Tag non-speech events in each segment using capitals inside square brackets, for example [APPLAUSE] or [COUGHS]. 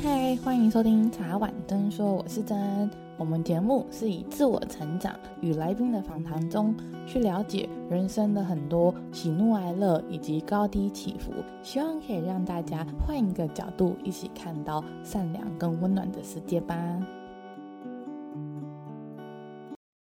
嗨，Hi，歡迎收聽《茶碗蒸說》，我是真。我們節目是以自我成長與來賓的訪談中去了解人生的很多喜怒哀樂以及高低起伏，希望可以讓大家換一個角度一起看到善良跟溫暖的世界吧。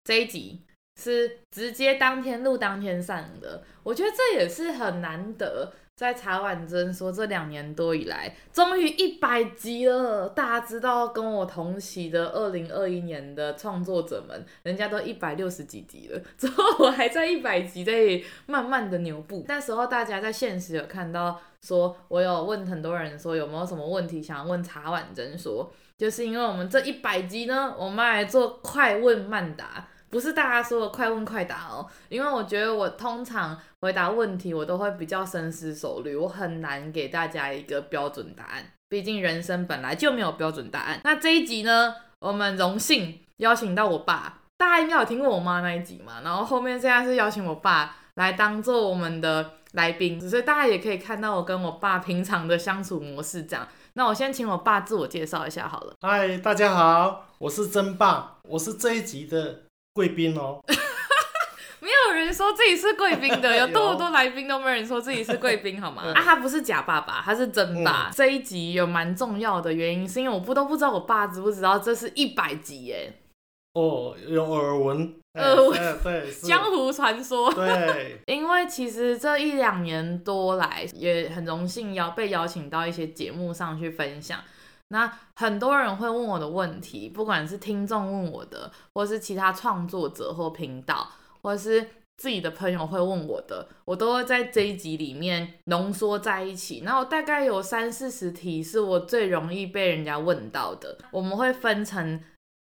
這一集是直接當天錄當天上的，我覺得這也是很難得。在茶碗蒸說，這兩年多以來，終於一百集了。大家知道，跟我同期的二零二一年的創作者們，人家都一百六十幾集了，之後我還在一百集這裡慢慢的牛步。那時候大家在現實有看到，說我有問很多人說，有沒有什麼問題想要問茶碗蒸說。就是因為我們這一百集呢，我們來做快問慢答，不是大家說的快問快答哦，因為我覺得我通常回答問題，我都會比較深思熟慮，我很難給大家一個標準答案，畢竟人生本來就沒有標準答案。那這一集呢，我們榮幸邀請到我爸，大家應該有聽過我媽那一集嘛，然後後面現在是邀請我爸來當做我們的來賓，所以大家也可以看到我跟我爸平常的相處模式這樣。那我先請我爸自我介紹一下好了。嗨，大家好，我是珍爸，我是這一集的。貴賓哦， [LAUGHS] 沒有人說自己是貴賓的，有多麼多來賓都沒人說自己是貴賓，好嗎？ [LAUGHS] 嗯、啊，他不是假爸爸，他是真爸。嗯、這一集有蠻重要的原因，是因為我不都不知道我爸知不知道這是一百集耶。哦，有耳聞，耳聞江湖傳說。對，對 [LAUGHS] 因為其實這一兩年多來，也很榮幸邀被邀請到一些節目上去分享。那很多人會問我的問題，不管是聽眾問我的，或是其他創作者或頻道，或者是自己的朋友會問我的，我都會在這一集裡面濃縮在一起。那我大概有三四十題是我最容易被人家問到的，我們會分成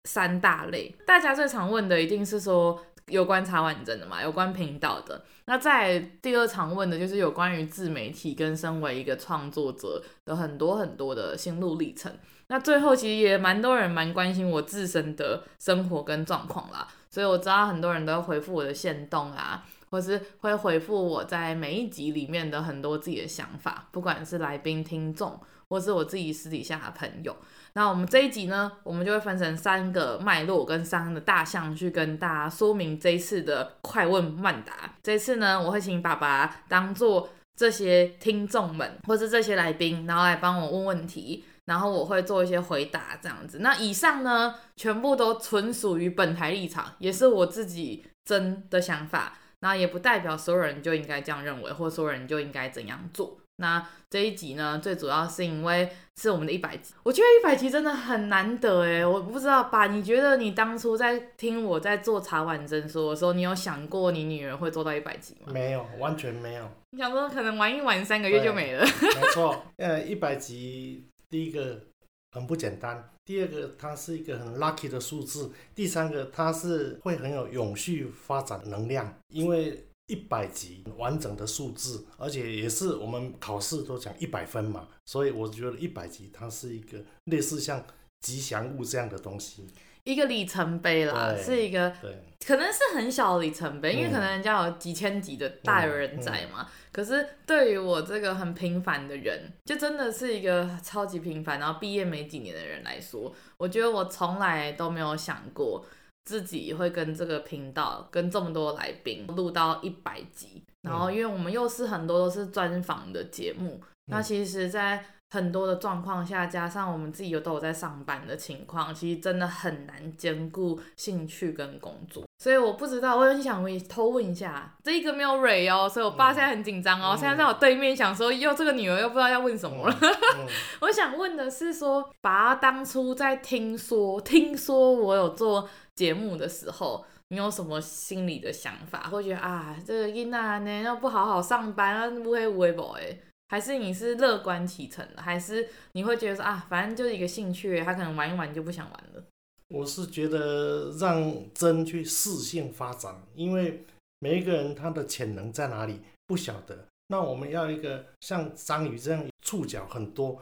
三大類。大家最常問的一定是說，有關茶碗蒸的嘛，有關頻道的。那在第二場問的就是有關於自媒體跟身為一個創作者的很多很多的心路歷程。那最後其實也蠻多人蠻關心我自身的生活跟狀況啦，所以我知道很多人都要回復我的限動啊，或是會回復我在每一集裡面的很多自己的想法，不管是來賓、聽眾，或是我自己私底下的朋友。那我們這一集呢，我們就會分成三個脈絡跟三個大項去跟大家說明這一次的快問慢答。這次呢，我會請爸爸當做這些聽眾們，或是這些來賓，然後來幫我問問題，然後我會做一些回答這樣子。那以上呢，全部都純屬於本台立場，也是我自己真的想法，然後也不代表所有人就應該這樣認為，或所有人就應該怎樣做。那這一集呢，最主要是因為是我們的一百集，我覺得一百集真的很難得哎，我不知道爸，你覺得你當初在聽我在做茶碗蒸說的時候，你有想過你女兒會做到一百集嗎？沒有，完全沒有。你想說可能玩一玩三個月就沒了？沒錯，呃， [LAUGHS] 一百集第一個很不簡單，第二個它是一個很 lucky 的數字，第三個它是會很有永續發展能量，因為。一百集完整的數字，而且也是我們考試都講一百分嘛，所以我覺得一百集它是一個類似像吉祥物這樣的東西，一個里程碑啦，對是一個對可能是很小的里程碑，因為可能人家有幾千集的大有人在嘛，嗯嗯嗯、可是對於我這個很平凡的人，就真的是一個超級平凡，然後畢業沒幾年的人來說，嗯、我覺得我從來都沒有想過。自己會跟這個頻道、跟這麼多來賓錄到一百集，然後因為我們又是很多都是專訪的節目，嗯、那其實，在很多的狀況下，加上我們自己又都有在上班的情況，其實真的很難兼顧興趣跟工作。所以我不知道，我有點想問，偷問一下，這一個沒有蕊哦，喔，所以我爸現在很緊張哦，嗯、現在在我對面想說，又這個女兒又不知道要問什麼了。嗯嗯、 [LAUGHS] 我想問的是說，爸當初在聽說，聽說我有做。節目的時候，你有什麼心裡的想法？會覺得啊，這個伊娜呢，要不好好上班啊，烏黑烏黑的還是你是樂觀其成的？還是你會覺得說啊，反正就是一個興趣，他可能玩一玩就不想玩了？我是覺得讓珍去適性發展，因為每一個人他的潛能在哪裡不曉得。那我們要一個像章魚這樣觸角很多，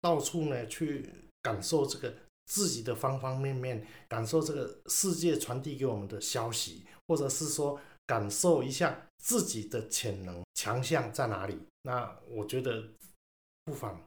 到處呢去感受這個。自己的方方面面，感受這個世界傳遞給我們的消息，或者是說感受一下自己的潛能、強項在哪裡。那我覺得不妨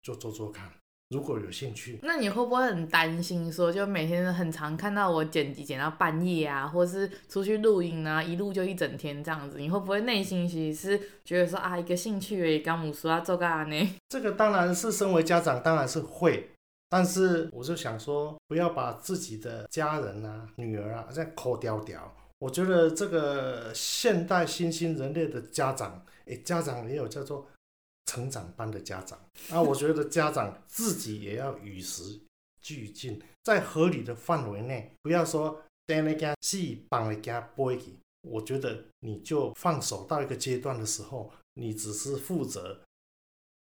就做做看，如果有興趣。那你會不會很擔心說，說就每天很常看到我剪輯剪到半夜啊，或是出去錄音啊，一錄就一整天這樣子，你會不會內心其實是覺得說啊，一個興趣而已，我唔啊，做個案呢？這個當然是身為家長，當然是會。但是我就想說，不要把自己的家人啊、女兒啊再扣掉掉。我覺得這個現代新興人類的家長，哎、欸，家長也有叫做成長班的家長啊。 [LAUGHS] 那我覺得家長自己也要與時俱進，在合理的範圍內，不要說帶人家係綁人家波一。我覺得你就放手到一個階段的時候，你只是負責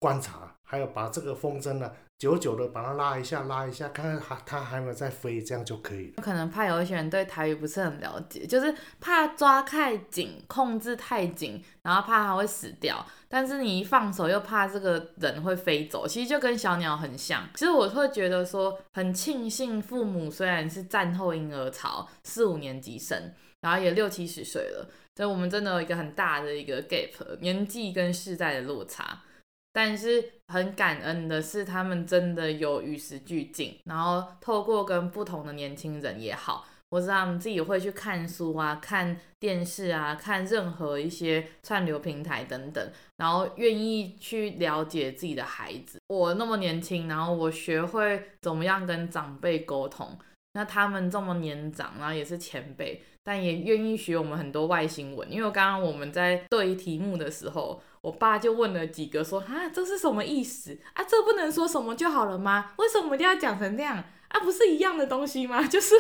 觀察，還有把這個風箏呢。久久的把它拉一下，拉一下，看看它它還有沒有在飛，這樣就可以了。可能怕有一些人對台語不是很了解，就是怕抓太緊，控制太緊，然後怕它會死掉。但是你一放手，又怕這個人會飛走。其實就跟小鳥很像。其實我會覺得說，很慶幸父母雖然是戰後嬰兒潮四五年級生，然後也六七十歲了，所以我們真的有一個很大的一個 gap，年紀跟世代的落差。但是很感恩的是，他們真的有與時俱進，然後透過跟不同的年輕人也好，我知道他們自己會去看書啊、看電視啊、看任何一些串流平台等等，然後願意去了解自己的孩子。我那麼年輕，然後我學會怎麼樣跟長輩溝通，那他們這麼年長，然後也是前輩，但也願意學我們很多外星文。因為剛剛我們在對題目的時候。我爸就問了幾個，說：“哈，這是什麼意思啊？這不能說什麼就好了嗎？為什麼我們就要講成這樣啊？不是一樣的東西嗎？就是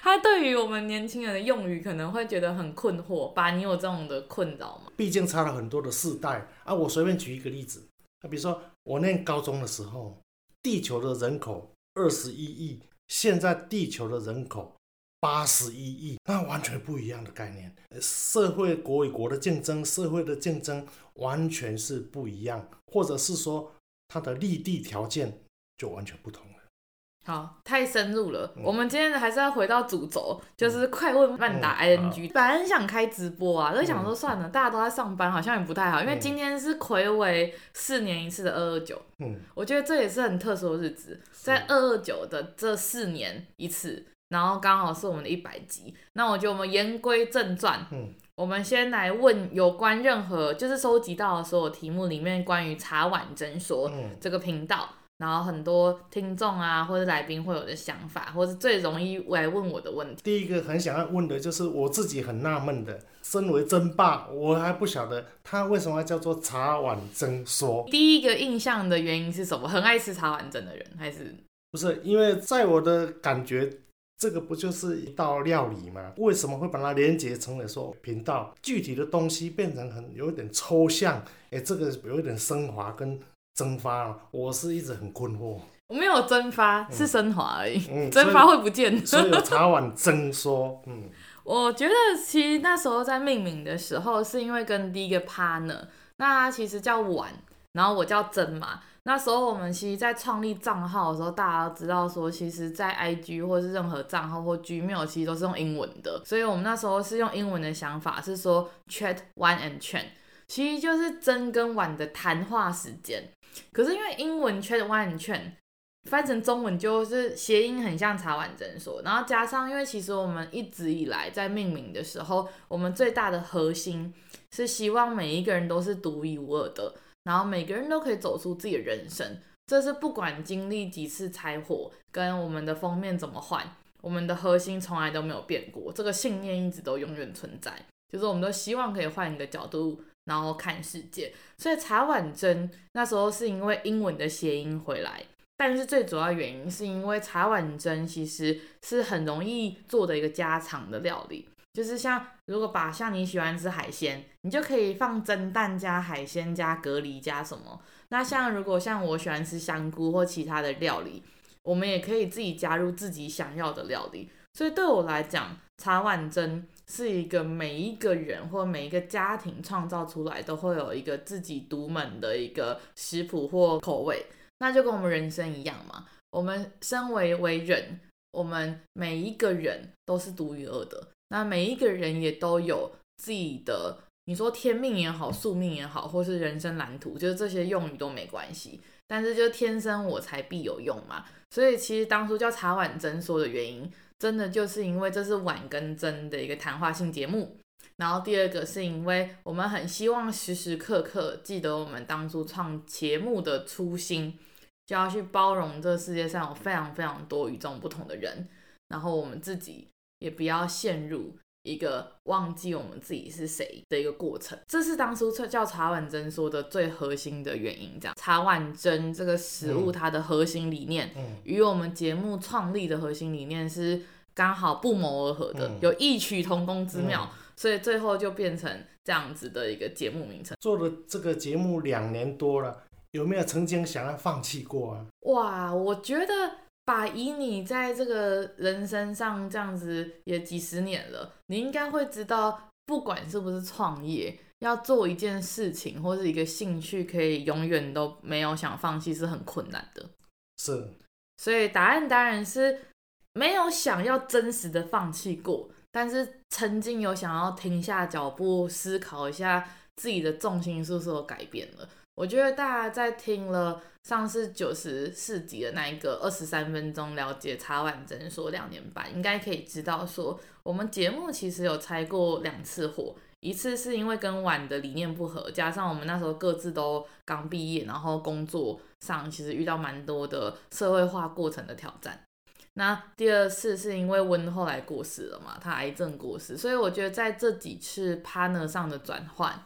他對於我們年輕人的用語，可能會覺得很困惑。爸，你有這種的困擾嗎？畢竟差了很多的世代啊。我隨便舉一個例子，啊，比如說我念高中的時候，地球的人口二十一億，現在地球的人口，”八十一億，那完全不一樣的概念。社會國與國的競爭，社會的競爭完全是不一樣，或者是說它的立地條件就完全不同了。好，太深入了。嗯、我們今天還是要回到主軸，就是快問慢答 ING、嗯。嗯、本來很想開直播啊，都想說算了，嗯、大家都在上班，好像也不太好。因為今天是睽違四年一次的二二九，嗯，我覺得這也是很特殊的日子。在二二九的這四年一次。然後剛好是我們的一百集，那我就我們言歸正傳，嗯，我們先來問有關任何就是收集到的所有題目裡面，關於茶碗蒸說、嗯、這個頻道，然後很多聽眾啊或者來賓會有的想法，或是最容易來問我的問題。第一個很想要問的就是我自己很納悶的，身為珍爸，我還不曉得他為什麼叫做茶碗蒸說。第一個印象的原因是什麼？很愛吃茶碗蒸的人還是不是？因為在我的感覺。這個不就是一道料理嗎？為什麼會把它連結成了說頻道？具體的東西變成很有一點抽象，哎、欸，這個有一點升華跟蒸發、啊，我是一直很困惑。我沒有蒸發，是升華而已。嗯，蒸發會不見，所以所以茶碗蒸說，嗯，我覺得其實那時候在命名的時候，是因為跟第一個 partner，那其實叫碗。然後我叫珍嘛，那時候我們其實在創立賬號的時候，大家都知道說，其實，在 IG 或是任何賬號或 Gmail 其實都是用英文的，所以我們那時候是用英文的想法，是說 Chat Wan Chen 其實就是珍跟溫的談話時間。可是因為英文 Chat Wan Chen 翻成中文就是諧音很像茶碗蒸說，然後加上因為其實我們一直以來在命名的時候，我們最大的核心是希望每一個人都是獨一無二的。然後每個人都可以走出自己的人生，這是不管經歷幾次拆夥，跟我們的封面怎麼換，我們的核心從來都沒有變過，這個信念一直都永遠存在。就是我們都希望可以換一個角度，然後看世界。所以茶碗蒸那時候是因為英文的諧音回來，但是最主要原因是因為茶碗蒸其實是很容易做的一個家常的料理。就是像，如果把像你喜歡吃海鮮，你就可以放蒸蛋加海鮮加蛤蜊加什麼。那像如果像我喜歡吃香菇或其他的料理，我們也可以自己加入自己想要的料理。所以對我來講，茶碗蒸是一個每一個人或每一個家庭創造出來都會有一個自己獨門的一個食譜或口味。那就跟我們人生一樣嘛。我們身為為人，我們每一個人都是獨一無二的。那每一個人也都有自己的，你說天命也好，宿命也好，或是人生藍圖，就是這些用語都沒關係。但是就天生我材必有用嘛，所以其實當初叫茶碗蒸說的原因，真的就是因為這是碗跟蒸的一個談話性節目。然後第二個是因為我們很希望時時刻刻記得我們當初創節目的初心，就要去包容這世界上有非常非常多與眾不同的人，然後我們自己。也不要陷入一個忘記我們自己是誰的一個過程，這是當初叫茶碗蒸說的最核心的原因。這樣，茶碗蒸這個食物它的核心理念，與、嗯嗯、我們節目創立的核心理念是剛好不謀而合的，嗯、有異曲同工之妙，嗯嗯、所以最後就變成這樣子的一個節目名稱。做了這個節目兩年多了，有沒有曾經想要放棄過啊？哇，我覺得。把以你在這個人生上這樣子也幾十年了，你應該會知道，不管是不是創業，要做一件事情或者一個興趣，可以永遠都沒有想放棄是很困難的。是，所以答案當然是沒有想要真實的放棄過，但是曾經有想要停下腳步思考一下自己的重心是不是有改變了。我覺得大家在聽了上次九十四集的那一個二十三分鐘了解茶碗蒸說兩年半，應該可以知道說，我們節目其實有拆過兩次夥。一次是因為跟晚的理念不合，加上我們那時候各自都剛畢業，然後工作上其實遇到蠻多的社會化過程的挑戰。那第二次是因為溫後來過世了嘛，他癌症過世，所以我覺得在這幾次 partner 上的轉換。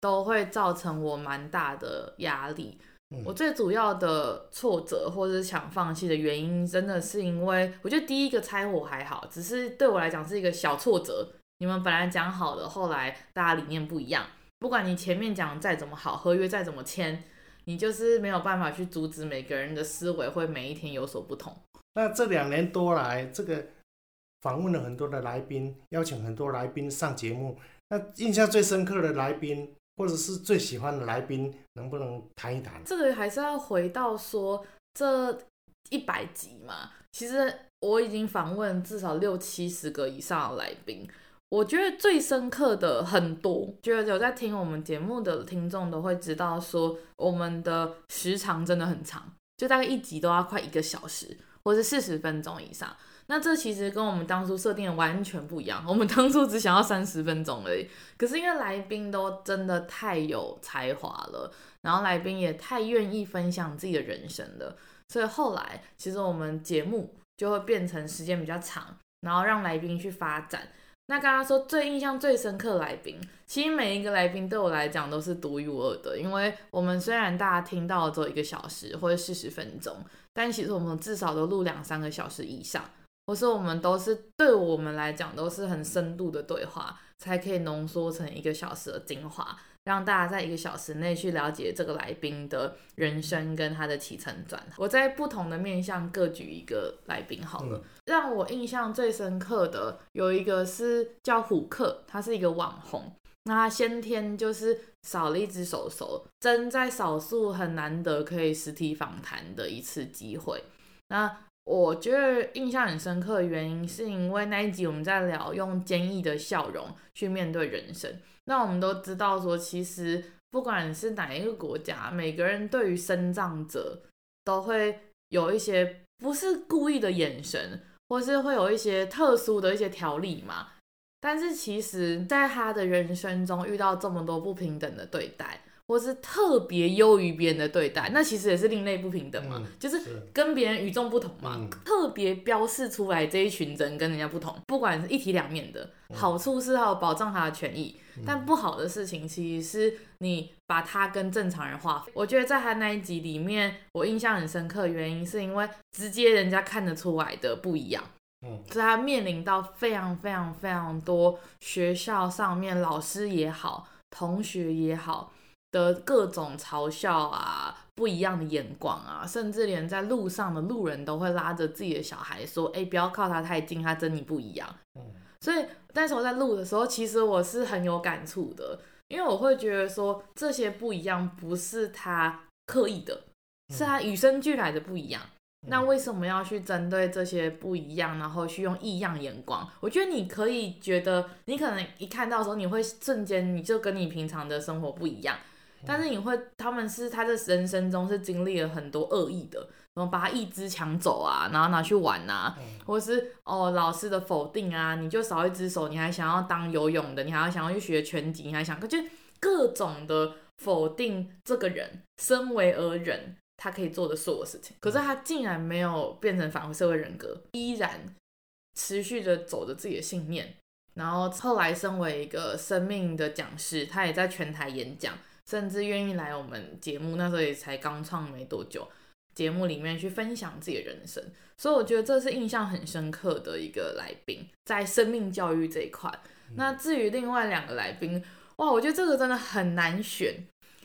都會造成我蠻大的壓力。我最主要的挫折或者是想放棄的原因，真的是因為我覺得第一個拆夥，還好，只是對我來講是一個小挫折。你們本來講好的，後來大家理念不一樣。不管你前面講再怎麼好，合約再怎麼簽，你就是沒有辦法去阻止每個人的思維會每一天有所不同。那這兩年多來，這個訪問了很多的來賓，邀請很多來賓上節目。那印象最深刻的來賓。或者是最喜歡的來賓，能不能談一談？這個還是要回到說這一百集嘛。其實我已經訪問至少六七十個以上的來賓，我覺得最深刻的很多。覺得有在聽我們節目的聽眾都會知道說，說我們的時長真的很長，就大概一集都要快一個小時，或是四十分鐘以上。那這其實跟我們當初設定的完全不一樣。我們當初只想要三十分鐘而已，可是因為來賓都真的太有才華了，然後來賓也太願意分享自己的人生了，所以後來其實我們節目就會變成時間比較長，然後讓來賓去發展。那剛剛說最印象最深刻的來賓，其實每一個來賓對我來講都是獨一無二的，因為我們雖然大家聽到了只有一個小時或者四十分鐘，但其實我們至少都錄兩三個小時以上。我說，我們都是對我們來講都是很深度的對話，才可以濃縮成一個小時的精華，讓大家在一個小時內去了解這個來賓的人生跟他的起承轉。我在不同的面向各舉一個來賓好了，嗯、讓我印象最深刻的有一個是叫虎克，他是一個網紅，那他先天就是少了一隻手手，真在少數，很難得可以實體訪談的一次機會，那。我覺得印象很深刻的原因，是因為那一集我們在聊用堅毅的笑容去面對人生。那我們都知道說，其實不管是哪一個國家，每個人對於身障者都會有一些不是故意的眼神，或是會有一些特殊的一些條例嘛。但是其實，在他的人生中遇到這麼多不平等的對待。或是特別優於別人的對待，那其實也是另類不平等嘛，嗯、是就是跟別人與眾不同嘛，嗯、特別標示出來這一群人跟人家不同。不管是一體兩面的好處是，要保障他的權益，嗯、但不好的事情其實是你把他跟正常人劃分。我覺得在他那一集裡面，我印象很深刻，原因是因為直接人家看得出來的不一樣，嗯、所以他面臨到非常非常非常多學校上面老師也好，同學也好。的各種嘲笑啊，不一樣的眼光啊，甚至連在路上的路人都會拉着自己的小孩說：“哎、欸，不要靠他太近，他真的不一樣。嗯”所以但是我在錄的時候，其實我是很有感觸的，因為我會覺得說這些不一樣不是他刻意的，嗯、是他與生俱來的不一樣。嗯、那為什麼要去針對這些不一樣，然後去用異樣眼光？我覺得你可以覺得，你可能一看到的時候，你會瞬間你就跟你平常的生活不一樣。但是你會，他們是他在人生中是經歷了很多惡意的，然後把他一隻搶走啊，然後拿去玩啊，嗯、或者是哦老師的否定啊，你就少一隻手，你還想要當游泳的，你還想要去學拳擊，你還想，可就各種的否定這個人，身為而人，他可以做的所有事情。可是他竟然沒有變成反社會人格，依然持續的走着自己的信念。然後後來身為一個生命的講師，他也在全台演講。甚至願意來我們節目，那時候也才剛創沒多久，節目裡面去分享自己的人生，所以我覺得這是印象很深刻的一個來賓，在生命教育這一塊。那至於另外兩個來賓，哇，我覺得這個真的很難選，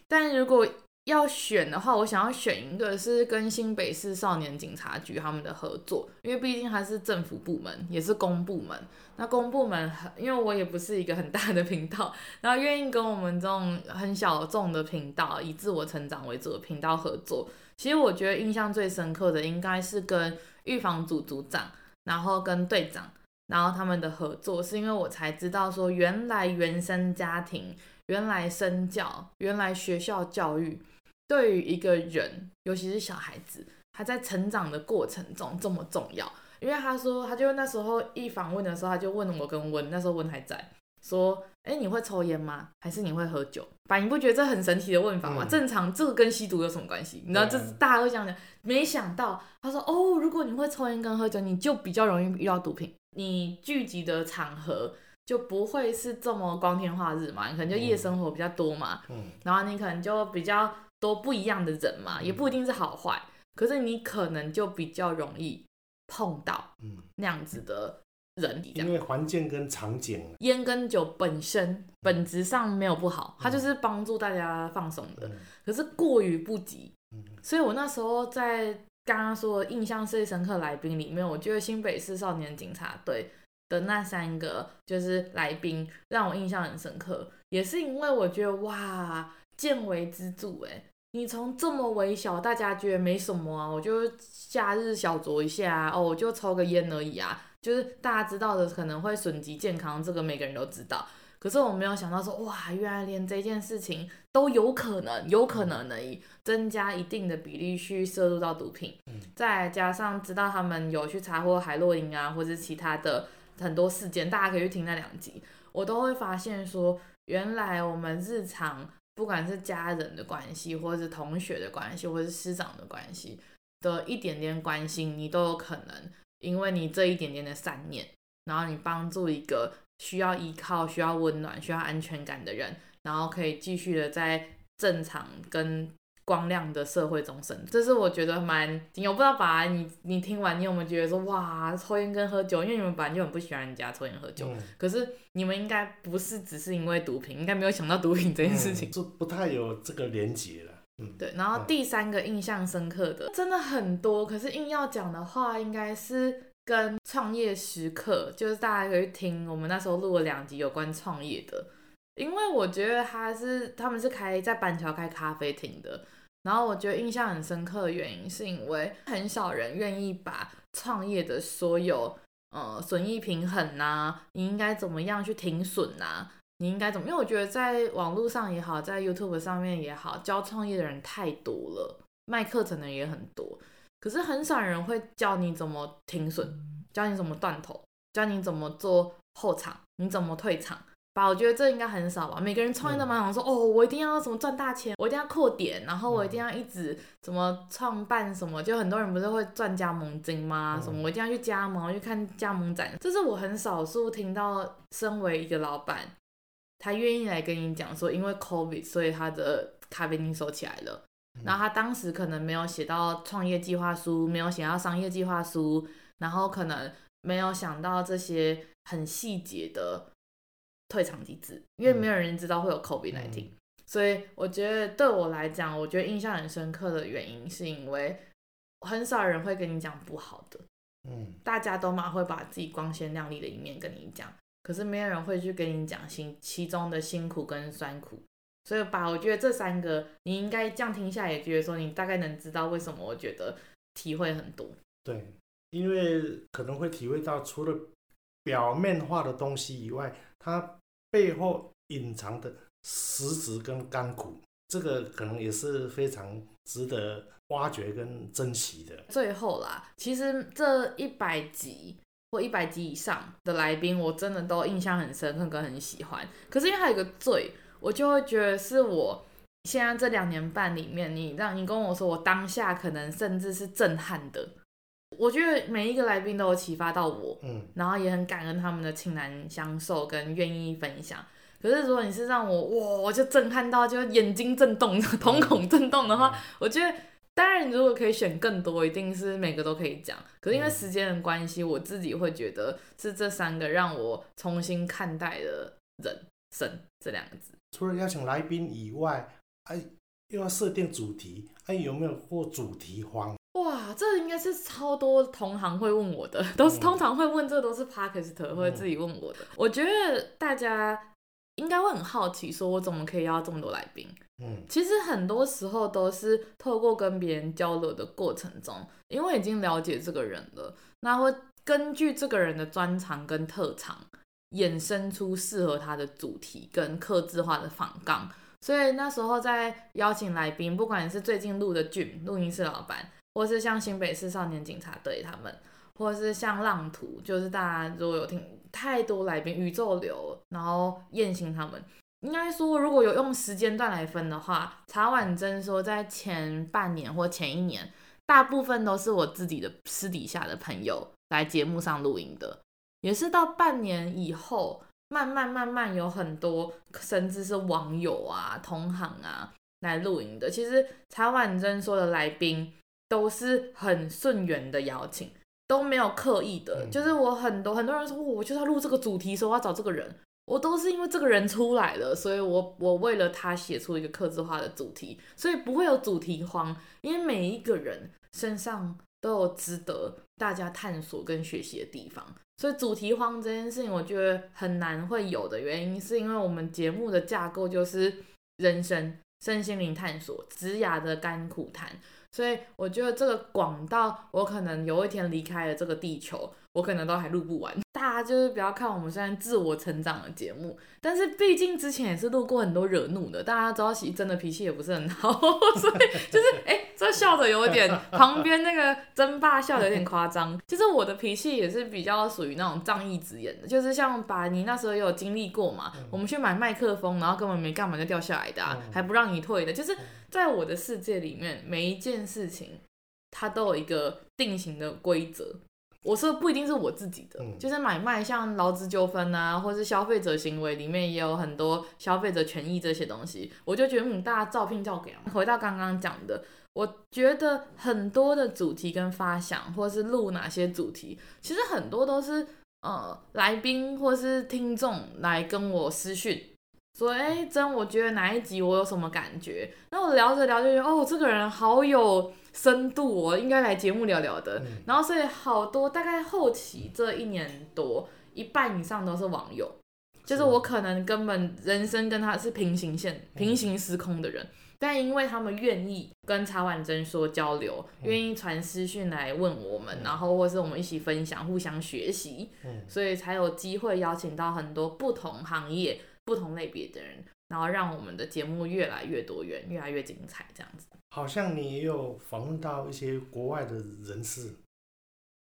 但如果。要選的話，我想要選一個是跟新北市少年警察局他們的合作，因為畢竟還是政府部門，也是公部門。那公部門很，因為我也不是一個很大的頻道，然後願意跟我們這種很小眾的頻道，以自我成長為主的頻道合作。其實我覺得印象最深刻的應該是跟預防組組長，然後跟隊長，然後他們的合作，是因為我才知道說，原來原生家庭，原來身教，原來學校教育。對於一個人，尤其是小孩子，他在成長的過程中這麼重要。因為他說，他就那時候一訪問的時候，他就問我跟溫，那時候溫還在，說：“哎，你會抽菸嗎？還是你會喝酒？”反正你不覺得這很神奇的問法嗎？嗯、正常，這個跟吸毒有什麼關係？然後這大家會講講，沒想到他說：“哦，如果你會抽菸跟喝酒，你就比較容易遇到毒品，你聚集的場合就不會是這麼光天化日嘛，你可能就夜生活比較多嘛。”嗯，然後你可能就比較。都不一樣的人嘛，也不一定是好壞，嗯、可是你可能就比較容易碰到那樣子的人。嗯嗯、因為環境跟場景，煙跟酒本身本質上沒有不好，嗯、它就是幫助大家放鬆的。嗯、可是過於不及，嗯、所以我那時候在剛剛說的印象最深刻來賓裡面，我覺得新北市少年警察隊的那三個就是來賓讓我印象很深刻，也是因為我覺得哇，見微知著，哎。你從這麼微小，大家覺得沒什麼啊，我就夏日小酌一下，啊、哦，我就抽個煙而已啊，就是大家知道的可能會損及健康，這個每個人都知道。可是我沒有想到說，哇，原來連這件事情都有可能，有可能以增加一定的比例去攝入到毒品。嗯、再加上知道他們有去查獲海洛因啊，或者是其他的很多事件，大家可以去聽那兩集，我都會發現說，原來我們日常。不管是家人的關係，或是同學的關係，或是師長的關係的一點點關心，你都有可能，因為你這一點點的善念，然後你幫助一個需要依靠、需要溫暖、需要安全感的人，然後可以繼續的在正常跟。光亮的社會終生，這是我覺得蠻。我不知道，吧。你你聽完，你有沒有覺得說，哇，抽菸跟喝酒，因為你們本來就很不喜歡人家抽菸喝酒，嗯、可是你們應該不是只是因為毒品，應該沒有想到毒品這件事情。嗯、就不太有這個連接了。嗯，對。然後第三個印象深刻的，嗯、真的很多，可是硬要講的話，應該是跟創業時刻，就是大家可以聽我們那時候錄了兩集有關創業的。因為我覺得他是，他們是開在板橋開咖啡廳的。然後我覺得印象很深刻的原因，是因為很少人願意把創業的所有，呃，損益平衡吶，你應該怎麼樣去停損吶，你應該怎麼？因為我覺得在網絡上也好，在 YouTube 上面也好，教創業的人太多了，賣課程的也很多，可是很少人會教你怎麼停損，教你怎麼斷頭，教你怎麼做後場，你怎麼退場。吧，我覺得這應該很少吧。每個人創業都蠻好說，嗯、哦，我一定要什麼賺大錢，我一定要擴點，然後我一定要一直什麼創辦什麼。就很多人不是會賺加盟金嗎？嗯、什麼我一定要去加盟，去看加盟展。這是我很少數聽到，身為一個老板，他願意來跟你講說，因為 COVID 所以他的咖啡店收起來了。嗯、然後他當時可能沒有寫到創業計劃書，沒有寫到商業計劃書，然後可能沒有想到這些很細節的。退場機制，因為沒有人知道會有 COVID，嗯，所以我覺得對我來講，我覺得印象很深刻的原因是因為很少人會跟你講不好的，嗯，大家都蠻會把自己光鮮亮麗的一面跟你講，可是沒有人會去跟你講辛其中的辛苦跟酸苦，所以吧，我覺得這三個你應該這樣聽下，也覺得說你大概能知道為什麼我覺得體會很多，對，因為可能會體會到除了表面化的東西以外，它背後隱藏的實質跟甘苦，這個可能也是非常值得挖掘跟珍惜的。最後啦，其實這一百集或一百集以上的來賓，我真的都印象很深刻跟很喜歡。可是因為還有一個最，我就會覺得是我現在這兩年半裡面，你讓你跟我說，我當下可能甚至是震撼的。我覺得每一個來賓都有啟發到我，嗯，然後也很感恩他們的傾囊相授，跟願意分享。可是如果你是讓我哇，我就震撼到就眼睛震動、嗯、 [LAUGHS] 瞳孔震動的話，嗯、我覺得當然，如果可以選更多，一定是每個都可以講。可是因為時間的關係，嗯、我自己會覺得是這三個讓我重新看待的人生這兩個字。除了邀請來賓以外，哎，又要設定主題，哎，有沒有過主題慌？哇，這應該是超多同行會問我的，都是、嗯、通常會問這都是 Podcaster 或者自己問我的。嗯、我覺得大家應該會很好奇，說我怎麼可以邀這麼多來賓？嗯，其實很多時候都是透過跟別人交流的過程中，因為已經了解這個人了，那會根據這個人的專長跟特長，衍生出適合他的主題跟客製化的訪綱。所以那時候在邀請來賓，不管是最近錄的劇、錄音室老闆，或是像新北市少年警察隊他們，或是像浪途，就是大家如果有聽太多來賓、宇宙流，然後燕行他們，應該說如果有用時間段來分的話，茶碗蒸說在前半年或前一年，大部分都是我自己的私底下的朋友來節目上錄音的，也是到半年以後。慢慢慢慢，有很多甚至是網友啊、同行啊來錄影的。其實茶碗蒸說的來賓都是很順緣的邀請，都沒有刻意的。嗯、就是我很多很多人說，我就是要錄這個主題，說我要找這個人，我都是因為這個人出來了，所以我我為了他寫出一個客製化的主題，所以不會有主題荒，因為每一個人身上都有值得大家探索跟學習的地方。所以主題荒這件事情，我覺得很難會有的原因，是因為我們節目的架構就是人生、身心靈探索、職涯的甘苦談。所以我覺得這個廣到我可能有一天離開了這個地球，我可能都還錄不完。大家就是不要看我們雖然自我成長的節目，但是畢竟之前也是錄過很多惹怒的，大家知道其實真的脾氣也不是很好，所以就是哎。欸笑的有點，旁邊那個珍爸笑的有點誇張。其實 [LAUGHS] 我的脾氣也是比較屬於那種仗義執言的，就是像把你那時候也有經歷過嘛，嗯、我們去買麥克風，然後根本沒幹嘛就掉下來的、啊，嗯、還不讓你退的。就是在我的世界裡面，每一件事情它都有一個定型的規則。我說不一定是我自己的，嗯、就是買賣，像勞資糾紛啊，或者是消費者行為裡面也有很多消費者權益這些東西。我就覺得，嗯，大家照片照給、啊。 [LAUGHS] 回到剛剛講的。我覺得很多的主題跟發想，或是錄哪些主題，其實很多都是呃來賓或是聽眾來跟我私訊說：“哎、欸，真我覺得哪一集我有什麼感覺？”那我聊着聊着覺得，哦，這個人好有深度哦，應該來節目聊聊的。”然後所以好多大概後期這一年多一半以上都是網友，就是我可能根本人生跟他是平行線、嗯、平行時空的人。但因為他們願意跟茶碗蒸說交流，願、嗯、意傳私訊來問我們，嗯嗯、然後或是我們一起分享、互相學習，嗯、所以才有機會邀請到很多不同行業、不同類別的人，然後讓我們的節目越來越多元、越來越精彩，這樣子。好像你也有訪問到一些國外的人士。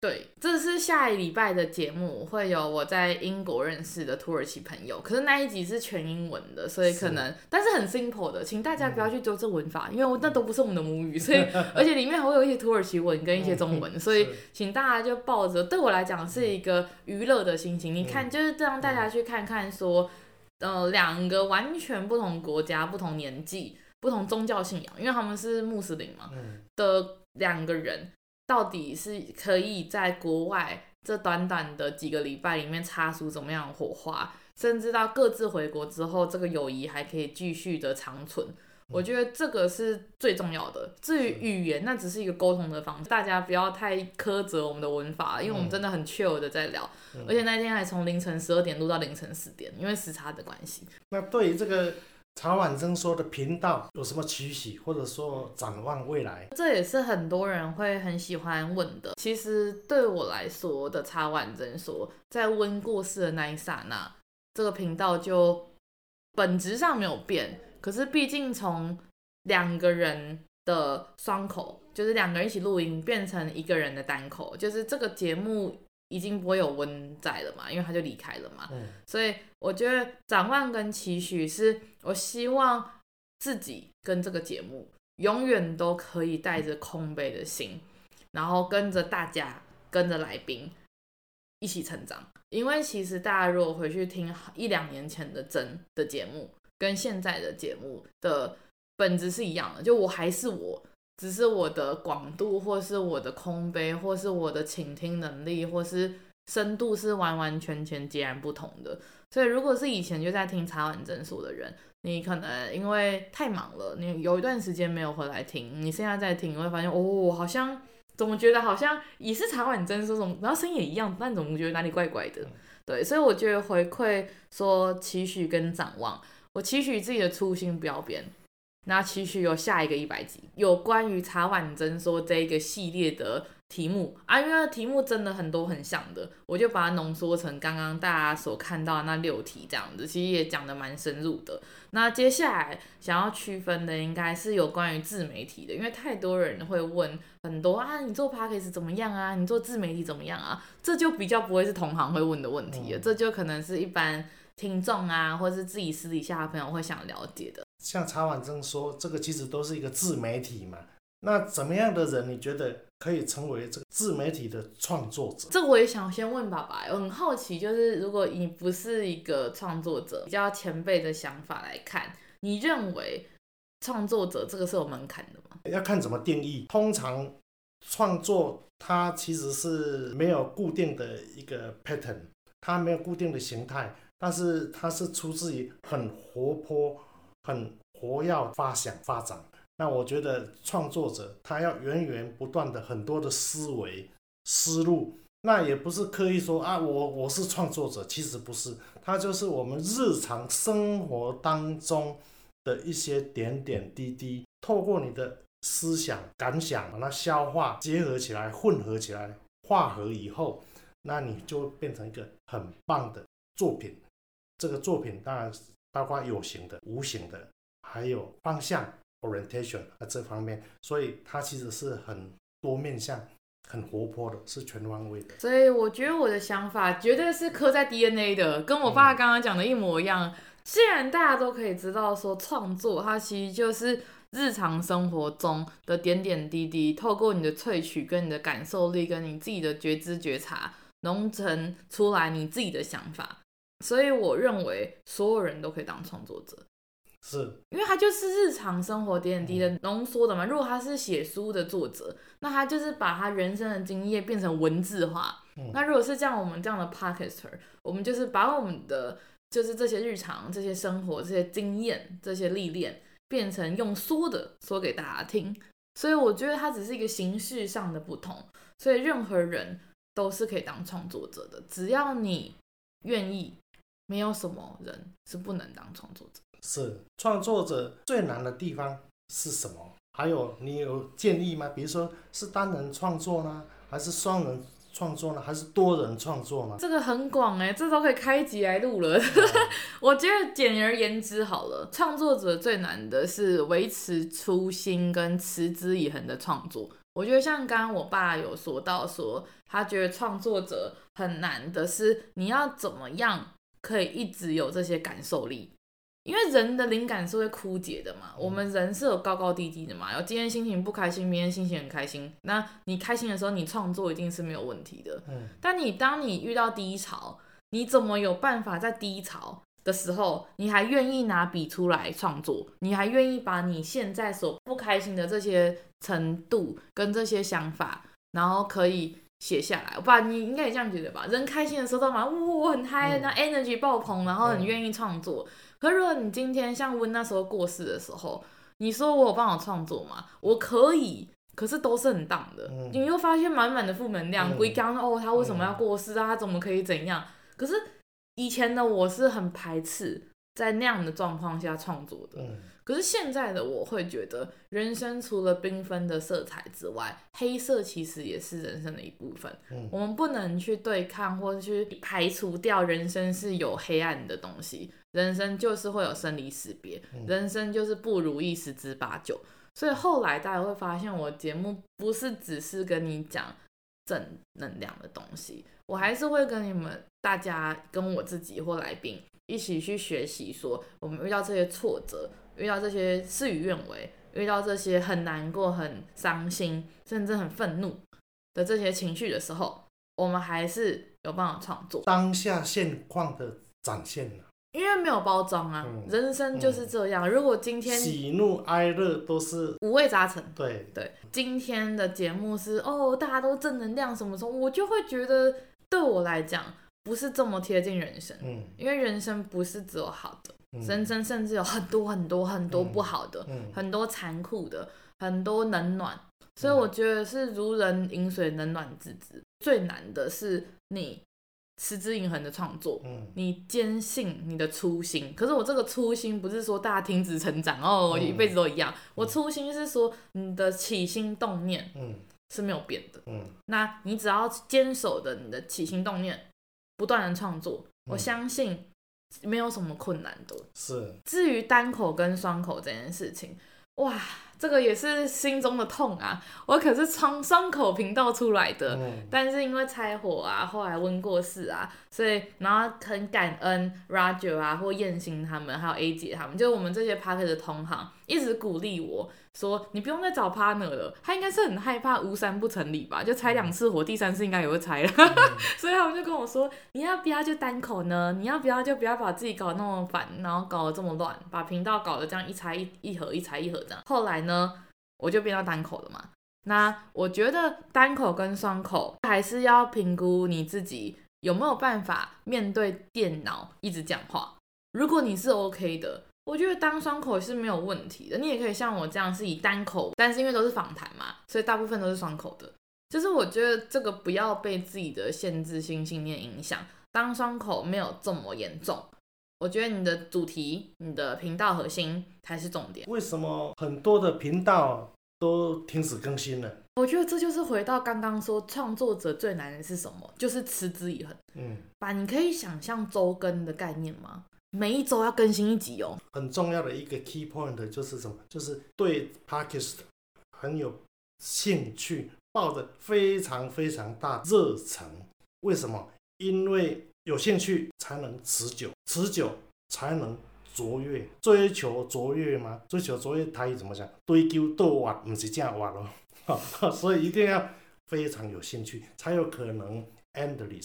對，這是下一禮拜的節目，會有我在英國認識的土耳其朋友。可是那一集是全英文的，所以可能，是但是很 simple 的，請大家不要去糾正文法，嗯、因為我那都不是我們的母語。所以， [LAUGHS] 而且裡面還會有一些土耳其文跟一些中文，嗯、所以是請大家就抱着對我來講是一個娛樂的心情。嗯、你看，就是讓大家去看看說，嗯、呃，兩個完全不同國家、不同年紀、不同宗教信仰，因為他們是穆斯林嘛，嗯、的兩個人。到底是可以在國外這短短的幾個禮拜裡面擦出什麼樣的火花，甚至到各自回國之後，這個友誼還可以繼續的長存。嗯、我覺得這個是最重要的。至於語言，是那只是一個溝通的方式，大家不要太苛責我們的文法，因為我們真的很 chill 的在聊，嗯、而且那天還從凌晨十二點錄到凌晨四點，因為時差的關係。那對於這個。茶碗蒸說的頻道有什麼期許或者說展望未來，這也是很多人會很喜歡問的。其實對我來說的，茶碗蒸說，在溫過世的那一剎那，這個頻道就本質上沒有變。可是畢竟從兩個人的雙口，就是兩個人一起錄音，變成一個人的單口，就是這個節目。已經不會有溫在了嘛，因為他就離開了嘛。嗯，所以我覺得展望跟期許是我希望自己跟這個節目永遠都可以帶着空杯的心，然後跟着大家，跟着來賓一起成長。因為其實大家如果回去聽一兩年前的真的節目，跟現在的節目的本質是一樣的，就我還是我。只是我的廣度，或是我的空杯，或是我的傾聽能力，或是深度是完完全全截然不同的。所以，如果是以前就在聽茶碗蒸說的人，你可能因為太忙了，你有一段時間沒有回來聽，你現在在聽，你會發現哦，好像總覺得好像也是茶碗蒸說，然後聲音也一樣，但總覺得哪裡怪怪的。對，所以我覺得回饋說期許跟展望，我期許自己的初心不要變。那期許有下一個一百集，有關於茶碗蒸說這一個系列的題目啊，因為它的題目真的很多很像的，我就把它濃縮成剛剛大家所看到的那六題這樣子，其實也講得蠻深入的。那接下來想要區分的應該是有關於自媒體的，因為太多人會問很多啊，你做 podcast 怎麼樣啊，你做自媒體怎麼樣啊，這就比較不會是同行會問的問題了，嗯、這就可能是一般聽眾啊，或者是自己私底下的朋友會想了解的。像茶碗蒸說，這個其實都是一個自媒體嘛。那怎麼樣的人，你覺得可以成為這個自媒體的創作者？這我也想先問爸爸，我很好奇，就是如果你不是一個創作者，比較前輩的想法來看，你認為創作者這個是有門檻的嗎？要看怎麼定義。通常創作它其實是沒有固定的一個 pattern，它沒有固定的形態，但是它是出自於很活潑。很活躍發想發展。那我覺得創作者他要源源不斷的很多的思維思路，那也不是刻意說啊，我我是創作者，其實不是，他就是我們日常生活當中的一些點點滴滴，透過你的思想感想把它消化結合起來，混合起來化合以後，那你就變成一個很棒的作品。這個作品當然。包括有形的、無形的，還有方向 （orientation） 啊，orient 這方面，所以它其實是很多面向、很活潑的，是全方位的。所以我覺得我的想法絕對是刻在 DNA 的，跟我爸剛剛講的一模一樣。嗯、既然大家都可以知道說，創作它其實就是日常生活中的點點滴滴，透過你的萃取、跟你的感受力、跟你自己的覺知覺察，濃成出來你自己的想法。所以我認為所有人都可以當創作者，是，因為他就是日常生活點點滴滴濃縮的嘛。如果他是寫書的作者，那他就是把他人生的經驗變成文字化。那如果是像我們這樣的 podcaster，我們就是把我們的就是這些日常、這些生活、這些經驗、這些歷練，變成用說的說給大家聽。所以我覺得他只是一個形式上的不同。所以任何人都是可以當創作者的，只要你願意。沒有什麼人是不能當創作者。是創作者最難的地方是什麼？還有你有建議嗎？比如說，是單人創作呢，還是雙人創作呢，還是多人創作呢？這個很廣哎、欸，這都可以開集來錄了。嗯、 [LAUGHS] 我覺得簡而言之好了，創作者最難的是維持初心跟持之以恆的創作。我覺得像剛剛我爸有說到說，他覺得創作者很難的是你要怎麼樣。可以一直有這些感受力，因為人的靈感是會枯竭的嘛。嗯、我們人是有高高低低的嘛。然後今天心情不開心，明天心情很開心。那你開心的時候，你創作一定是沒有問題的。嗯、但你當你遇到低潮，你怎麼有辦法在低潮的時候，你還願意拿筆出來創作？你還願意把你現在所不開心的這些程度跟這些想法，然後可以。寫下來，爸，你應該也這樣覺得吧？人開心的時候嘛、哦，我我很嗨，嗯，那 energy 爆棚，然後很願意創作。嗯、可是如果你今天像溫那時候過世的時候，你說我有辦法創作嗎？我可以，可是都是很淡的。嗯、你又發現滿滿的負能量。嗯、歸剛哦，他為什麼要過世啊？嗯、他怎麼可以怎樣？可是以前的我是很排斥在那樣的狀況下創作的。嗯可是現在的我會覺得，人生除了繽紛的色彩之外，黑色其實也是人生的一部分。嗯，我們不能去對抗或是去排除掉人生是有黑暗的東西。人生就是會有生離死別，人生就是不如意十之八九。所以後來大家會發現，我節目不是只是跟你講正能量的東西，我還是會跟你們大家跟我自己或來賓一起去學習，說我們遇到這些挫折。遇到這些事與願違，遇到這些很難過、很傷心，甚至很憤怒的這些情緒的時候，我們還是有辦法創作當下現況的展現、啊、因為沒有包裝啊，嗯、人生就是這樣。嗯、如果今天喜怒哀樂都是五味雜陳，對對。今天的節目是哦，大家都正能量，什麼時候我就會覺得對我來講不是這麼貼近人生。嗯，因為人生不是只有好的。嗯、人生甚至有很多很多很多不好的，嗯嗯、很多殘酷的，很多冷暖，嗯、所以我覺得是如人飲水，冷暖自知。嗯、最難的是你持之以恆的創作，嗯、你堅信你的初心。可是我這個初心不是說大家停止成長、嗯、哦，我一輩子都一樣。嗯、我初心是說你的起心動念是沒有變的。嗯嗯、那你只要堅守著你的起心動念，不斷的創作，嗯、我相信。沒有什麼困難的，是。至於單口跟雙口這件事情，哇，這個也是心中的痛啊！我可是雙雙口頻道出來的，嗯、但是因為拆夥啊，後來溫過世啊，所以然後很感恩 Roger 啊，或燕星他們，還有 A 姐他們，就是我們這些 Parker 的同行。一直鼓勵我說：“你不用再找 partner 了。”他應該是很害怕無三不成禮吧？就拆兩次夥，第三次應該也會拆了。 [LAUGHS] 所以他們就跟我說：“你要不要就單口呢？你要不要就不要把自己搞那麼煩，然後搞得這麼亂，把頻道搞得這樣一拆一一合一拆一合這樣。”後來呢，我就變到單口了嘛。那我覺得單口跟雙口還是要評估你自己有沒有辦法面對電腦一直講話。如果你是 OK 的。我覺得當雙口是沒有問題的，你也可以像我這樣是以單口，但是因為都是訪談嘛，所以大部分都是雙口的。就是我覺得這個不要被自己的限制性信念影響，當雙口沒有這麼嚴重。我覺得你的主題、你的頻道核心才是重點。為什麼很多的頻道都停止更新了？我覺得這就是回到剛剛說創作者最難的是什麼，就是持之以恆。嗯，把你可以想象周更的概念嗎？每一週要更新一集哦。很重要的一個 key point 就是什麼？就是對 podcast 很有興趣，抱着非常非常大熱忱。為什麼？因為有興趣才能持久，持久才能卓越。追求卓越嗎？追求卓越，台語怎麼講？追求多挖，不是正挖咯。所以一定要非常有興趣，才有可能。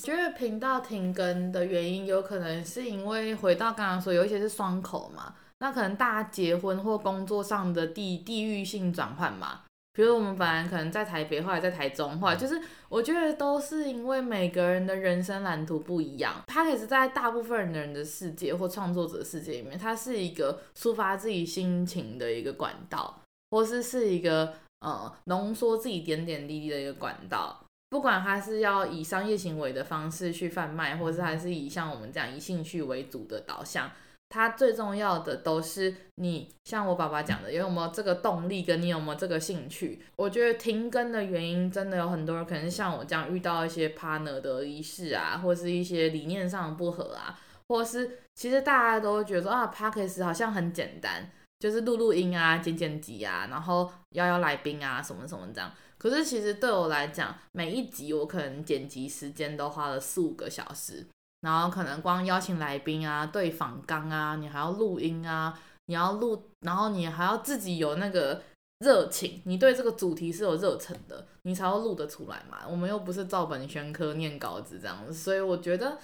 覺得頻道停更的原因，有可能是因為回到剛剛說，有一些是雙口嘛，那可能大家結婚或工作上的地地域性轉換嘛。比如我們反而可能在台北，或者在台中，話、嗯、就是我覺得都是因為每個人的人生藍圖不一樣。它其實在大部分人的世界或創作者世界裡面，它是一個抒發自己心情的一個管道，或是是一個呃濃縮自己點點滴滴的一個管道。不管他是要以商業行為的方式去販賣，或者是還是以像我們這樣以興趣為主的導向，他最重要的都是你像我爸爸講的，有,有沒有這個動力，跟你有沒有這個興趣。我覺得停更的原因，真的有很多人可能是像我這樣遇到一些 partner 的儀式啊，或是一些理念上的不合啊，或是其實大家都覺得啊，Podcast 好像很簡單。就是錄錄音啊，剪剪輯啊，然後邀邀來賓啊，什麼什麼這樣。可是其實對我來講，每一集我可能剪輯時間都花了四五個小時，然後可能光邀請來賓啊、對訪綱啊，你還要錄音啊，你要錄，然後你還要自己有那個熱情，你對這個主題是有熱忱的，你才會錄得出來嘛。我們又不是照本宣科念稿子這樣子，所以我覺得。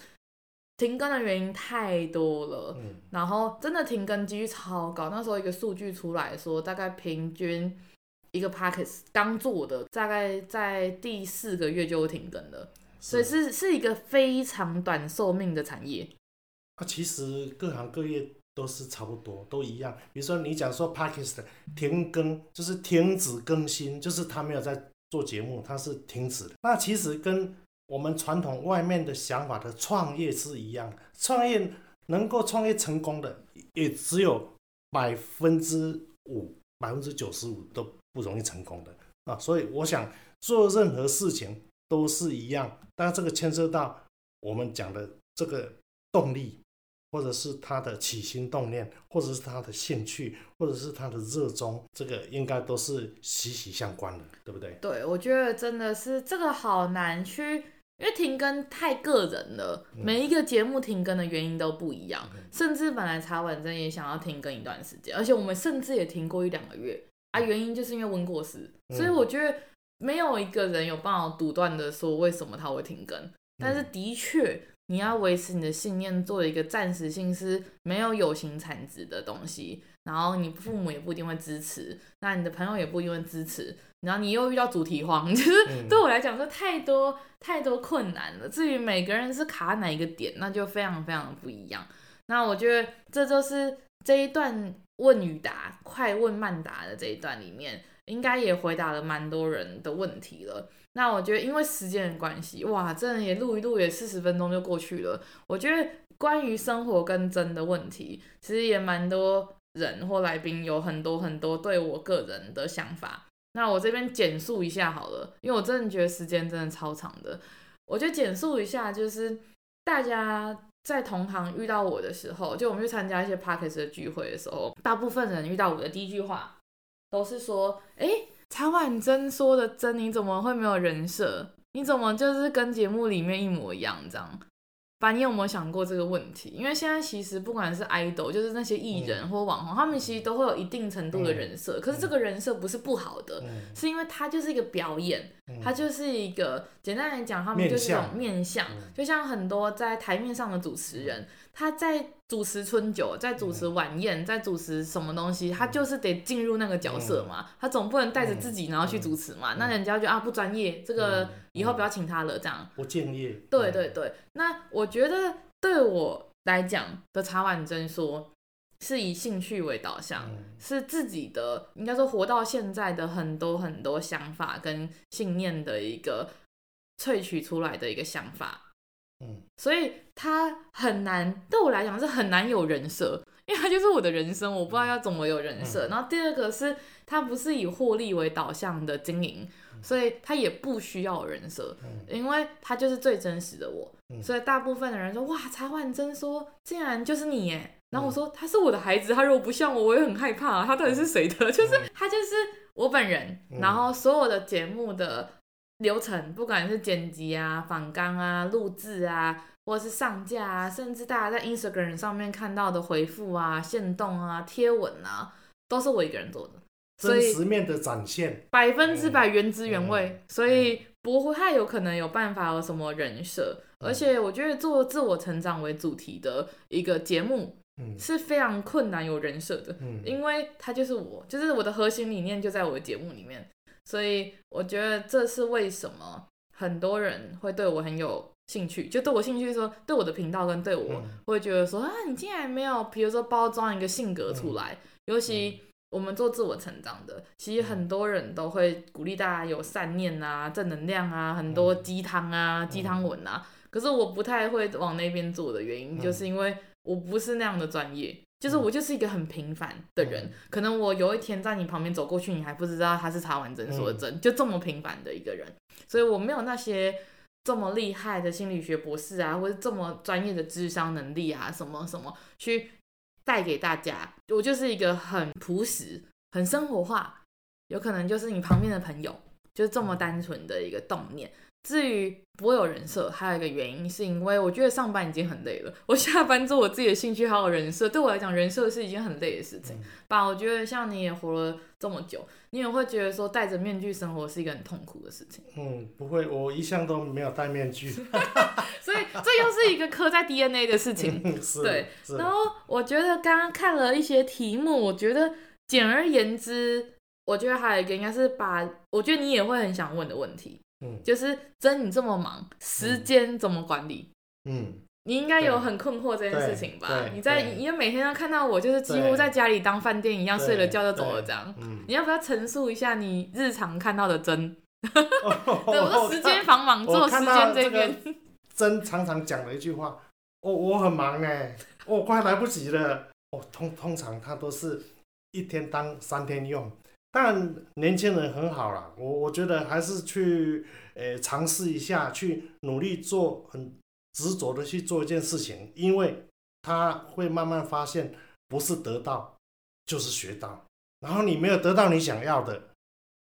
停更的原因太多了，嗯，然後真的停更幾率超高。那時候一個數據出來說，大概平均一個 podcast 剛做的，大概在第四個月就停更了，是所以是是一個非常短壽命的產業。啊，其實各行各業都是差不多，都一樣。比如說你講說 podcast 的停更，就是停止更新，就是他沒有在做節目，他是停止的。那其實跟我們傳統外面的想法的創業是一樣，創業能夠創業成功的也只有百分之五，百分之九十五都不容易成功的啊。所以我想做任何事情都是一樣，但這個牽涉到我們講的這個動力，或者是他的起心動念，或者是他的興趣，或者是他的熱衷，這個應該都是息息相關的，對不對？對，我覺得真的是這個好難去。因為停更太個人了，嗯、每一個節目停更的原因都不一樣，嗯、甚至本來茶碗蒸也想要停更一段時間，而且我們甚至也停過一兩個月，嗯、啊，原因就是因為溫過世，所以我覺得沒有一個人有辦法獨斷的說為什麼他會停更，但是的確你要維持你的信念，做一個暫時性是沒有有形產值的東西。嗯嗯然後你父母也不一定會支持，那你的朋友也不一定會支持，然後你又遇到主題慌，其實就是對我來講說太多太多困難了。至於每個人是卡哪一個點，那就非常非常的不一樣。那我覺得這就是這一段問與答，快問慢答的這一段裡面，應該也回答了蠻多人的問題了。那我覺得因為時間的關係，哇，真的也錄一錄也四十分鐘就過去了。我覺得關於生活跟真的問題，其實也蠻多。人或來賓有很多很多對我個人的想法，那我這邊簡述一下好了，因為我真的覺得時間真的超長的，我就簡述一下，就是大家在同行遇到我的時候，就我們去參加一些 podcast 的聚會的時候，大部分人遇到我的第一句話都是說：“哎、欸，茶碗蒸說的珍，你怎麼會沒有人設？你怎麼就是跟節目裡面一模一樣這樣？”你有沒有想過這個問題？因為現在其實不管是 idol，就是那些藝人或網紅，嗯、他們其實都會有一定程度的人設。嗯、可是這個人設不是不好的，嗯、是因為他就是一個表演，他、嗯、就是一個簡單來講，他們就是一種面相，面像就像很多在台面上的主持人。嗯嗯他在主持春酒，在主持晚宴，嗯、在主持什麼東西？他就是得進入那個角色嘛，嗯、他總不能帶着自己然後去主持嘛。嗯嗯、那人家就、嗯嗯、啊不專業，這個以後不要請他了。嗯嗯、這樣，我建議。對對對，嗯、那我覺得對我來講的茶碗蒸說是以興趣為導向，嗯、是自己的應該說活到現在的很多很多想法跟信念的一個萃取出來的一個想法。所以他很難對我來講是很難有人設，因為他就是我的人生，我不知道要怎麼有人設。嗯、然後第二個是，他不是以獲利為導向的經營，嗯、所以他也不需要人設，嗯、因為他就是最真實的我。嗯、所以大部分的人說：“哇，茶碗蒸說竟然就是你！”耶’。然後我說：“嗯、他是我的孩子，他如果不像我，我也很害怕、啊，他到底是誰的？就是、嗯、他就是我本人。嗯”然後所有的節目的。流程，不管是剪輯啊、訪綱啊、錄製啊，或是上架啊，甚至大家在 Instagram 上面看到的回復啊、限動啊、貼文啊，都是我一個人做的，真實面的展現，百分之百原汁原味，嗯嗯、所以不太有可能有辦法有什麼人設。嗯、而且我覺得做自我成長為主題的一個節目，嗯、是非常困難有人設的，嗯，因為它就是我，就是我的核心理念就在我的節目裡面。所以我覺得這是為什麼很多人會對我很有興趣，就對我興趣，說對我的頻道跟對我會覺得說啊，你竟然沒有比如說包裝一個性格出來，尤其我們做自我成長的，其實很多人都會鼓勵大家有善念啊、正能量啊、很多雞湯啊、雞湯文啊。可是我不太會往那邊做的原因，就是因為我不是那樣的專業。就是我就是一個很平凡的人，可能我有一天在你旁邊走過去，你還不知道他是茶碗蒸說的蒸，就這麼平凡的一個人，所以我沒有那些這麼厲害的心理學博士啊，或者這麼專業的諮商能力啊，什麼什麼去帶給大家。我就是一個很樸實、很生活化，有可能就是你旁邊的朋友，就這麼單純的一個動念。至於不會有人設，還有一個原因是因為我覺得上班已經很累了。我下班做我自己的興趣，還有人設，對我來講，人設是一件很累的事情，嗯，吧。我覺得像你也活了這麼久，你也會覺得說戴着面具生活是一個很痛苦的事情。嗯，不會，我一向都沒有戴面具， [LAUGHS] [LAUGHS] 所以這又是一個刻在 DNA 的事情。嗯、是、對，然後我覺得剛剛看了一些題目，我覺得簡而言之，我覺得還有一個應該是把，我覺得你也會很想問的問題。嗯、就是珍，你這麼忙，時間怎麼管理？嗯，你應該有很困惑這件事情吧？你在，因為每天都看到我，就是幾乎在家裡當飯店一樣，對睡了覺就走了這樣。嗯，你要不要陳述一下你日常看到的珍？哦哦、 [LAUGHS] 對，我說時間繁忙，看做時間這邊、這個，珍常常講的一句話，我、哦、我很忙哎，我、哦、快來不及了。我、哦、通通常他都是一天當三天用。但年輕人很好了，我我覺得還是去呃嘗試一下，去努力做，很執着的去做一件事情，因為他會慢慢發現，不是得到，就是學到，然後你沒有得到你想要的，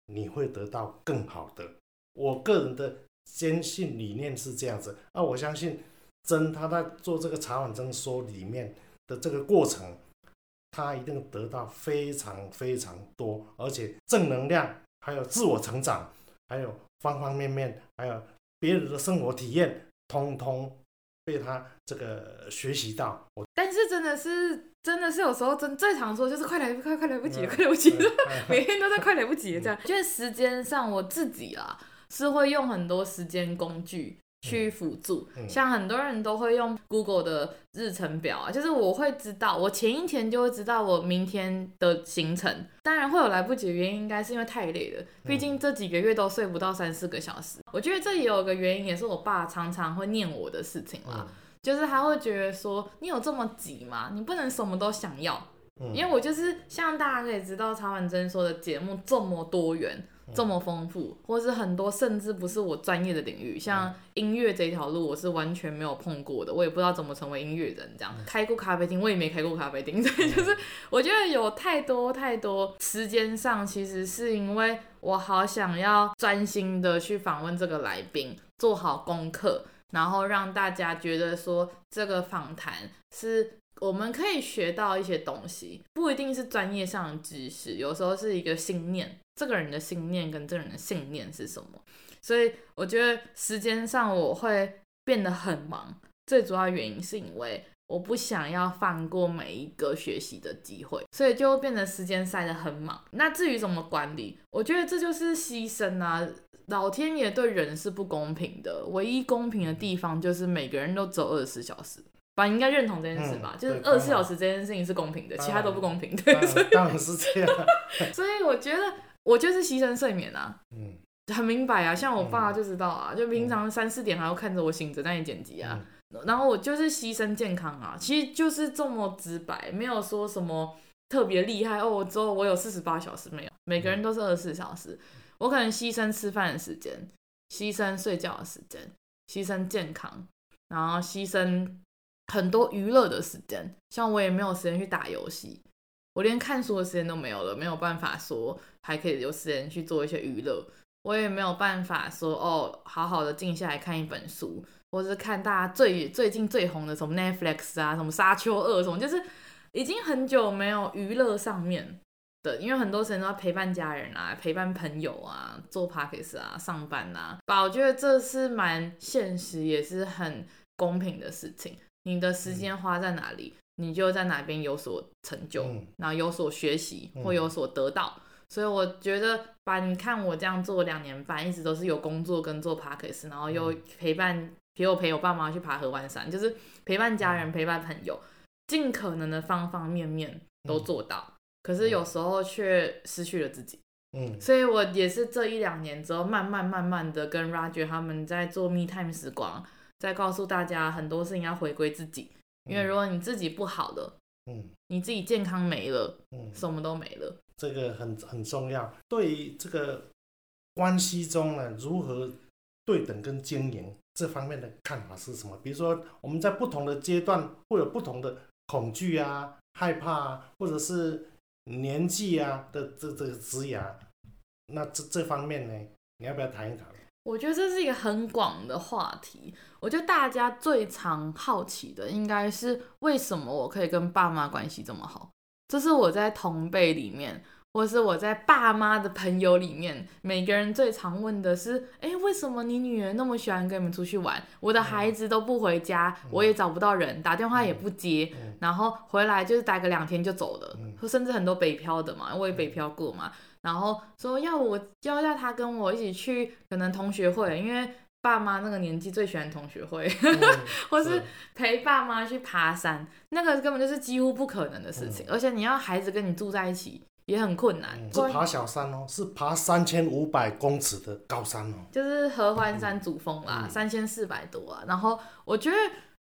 你會得到更好的。我個人的堅信理念是這樣子，啊，我相信珍他在做這個茶碗蒸說裡面的這個過程，他一定得到非常非常多，而且正能量，還有自我成長，還有方方面面，還有別人的生活體驗，通通被他這個學習到。我但是真的是，真的是有時候真最常說就是快來快，快來不及了，嗯、快來不及，對每天都在快來不及，這樣、嗯。因為時間上我自己啦、啊，是會用很多時間工具去輔助，嗯嗯、像很多人都會用 Google 的日程表啊，就是我會知道，我前一天就會知道我明天的行程。當然會有來不及的原因，應該是因為太累了，畢竟這幾個月都睡不到三四個小時。嗯、我覺得這也有個原因，也是我爸常常會念我的事情啦、啊，嗯、就是他會覺得說，你有這麼急嗎？你不能什麼都想要，嗯、因為我就是像大家可以知道，茶碗蒸說的節目這麼多元。這麼豐富，或是很多，甚至不是我專業的領域，像音樂這一條路，我是完全沒有碰過的，嗯、我也不知道怎麼成為音樂人。這樣、嗯、開過咖啡廳，我也沒開過咖啡廳。所以就是我覺得有太多太多時間上，其實是因為我好想要專心的去訪問這個來賓，做好功課，然後讓大家覺得說這個訪談是。我們可以學到一些東西，不一定是專業上的知識，有時候是一個信念。這個人的信念跟這個人的信念是什麼？所以我覺得時間上我會變得很忙，最主要原因是因為我不想要放過每一個學習的機會，所以就變成時間塞得很滿。那至於怎麼管理，我覺得這就是犧牲啊！老天爺對人是不公平的，唯一公平的地方就是每個人都走二十四小時。反正應該認同這件事吧，就是二十四小時這件事情是公平的，其他都不公平，對，當然是這樣，所以我覺得我就是犧牲睡眠啊，嗯，很明白啊，像我爸就知道啊，就平常三四點還要看着我醒着，那你剪輯啊，然後我就是犧牲健康啊，其實就是這麼直白，沒有說什麼特別厲害哦，之後我有四十八小時沒有，每個人都是二十四小時，我可能犧牲吃飯的時間，犧牲睡覺的時間，犧牲健康，然後犧牲。很多娛樂的時間，像我也沒有時間去打遊戲，我連看書的時間都沒有了，沒有辦法說還可以有時間去做一些娛樂，我也沒有辦法說哦，好好的靜下來看一本書，或是看大家最最近最紅的什麼 Netflix 啊，什麼沙丘二，什麼就是已經很久沒有娛樂上面的，對，因為很多時間都要陪伴家人啊，陪伴朋友啊，做 podcast 啊，上班啊。所以我覺得這是蠻現實，也是很公平的事情。你的時間花在哪裡，嗯、你就在哪邊有所成就，嗯、然後有所學習、嗯、或有所得到。所以我覺得，把你看我這樣做兩年半，一直都是有工作跟做 podcast 然後又陪伴、嗯、陪我陪我爸媽去爬河灣山，就是陪伴家人、嗯、陪伴朋友，盡可能的方方面面都做到。嗯、可是有時候卻失去了自己。嗯，所以我也是這一兩年之後，慢慢慢慢的跟 Roger 他們在做 Me Time 時光。再告訴大家，很多事情要回歸自己，因為如果你自己不好的，嗯，你自己健康沒了，嗯，什麼都沒了，這個很很重要。對於這個關係中呢，如何對等跟經營這方面的看法是什麼？比如說我們在不同的階段會有不同的恐懼啊、害怕啊，或者是年紀啊的這這個職涯，那這這方面呢，你要不要談一談？我覺得這是一個很廣的話題。我覺得大家最常好奇的應該是為什麼我可以跟爸媽關係這麼好。這是我在同輩裡面，或是我在爸媽的朋友裡面，每個人最常問的是：哎，為什麼你女兒那麼喜歡跟你們出去玩？我的孩子都不回家，我也找不到人，嗯、打電話也不接，嗯嗯、然後回來就是待個兩天就走了。甚至很多北漂的嘛，我也北漂過嘛。然後說要我教下他跟我一起去，可能同學會，因為爸媽那個年紀最喜歡同學會，嗯、是或是陪爸媽去爬山，那個根本就是幾乎不可能的事情。嗯、而且你要孩子跟你住在一起也很困難。嗯、是爬小山哦，所以是爬三千五百公尺的高山哦，就是合歡山主峰啦，三千四百多啊。然後我覺得。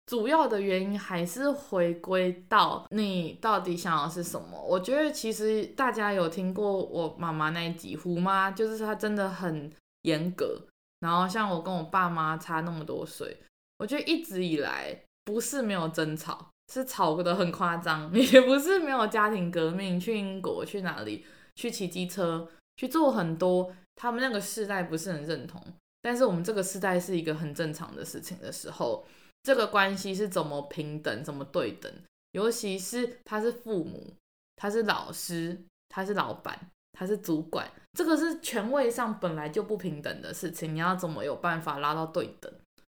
主要的原因還是回歸到你到底想要是什麼。我覺得其實大家有聽過我媽媽那幾胡嗎？就是她真的很嚴格。然後像我跟我爸媽差那麼多歲，我覺得一直以來不是沒有爭吵，是吵得很誇張；也不是沒有家庭革命，去英國、去哪裡、去騎機車、去做很多他們那個世代不是很認同，但是我們這個世代是一個很正常的事情的時候。這個關係是怎麼平等，怎麼對等？尤其是他是父母，他是老師，他是老闆，他是主管，這個是權位上本來就不平等的事情。你要怎麼有辦法拉到對等？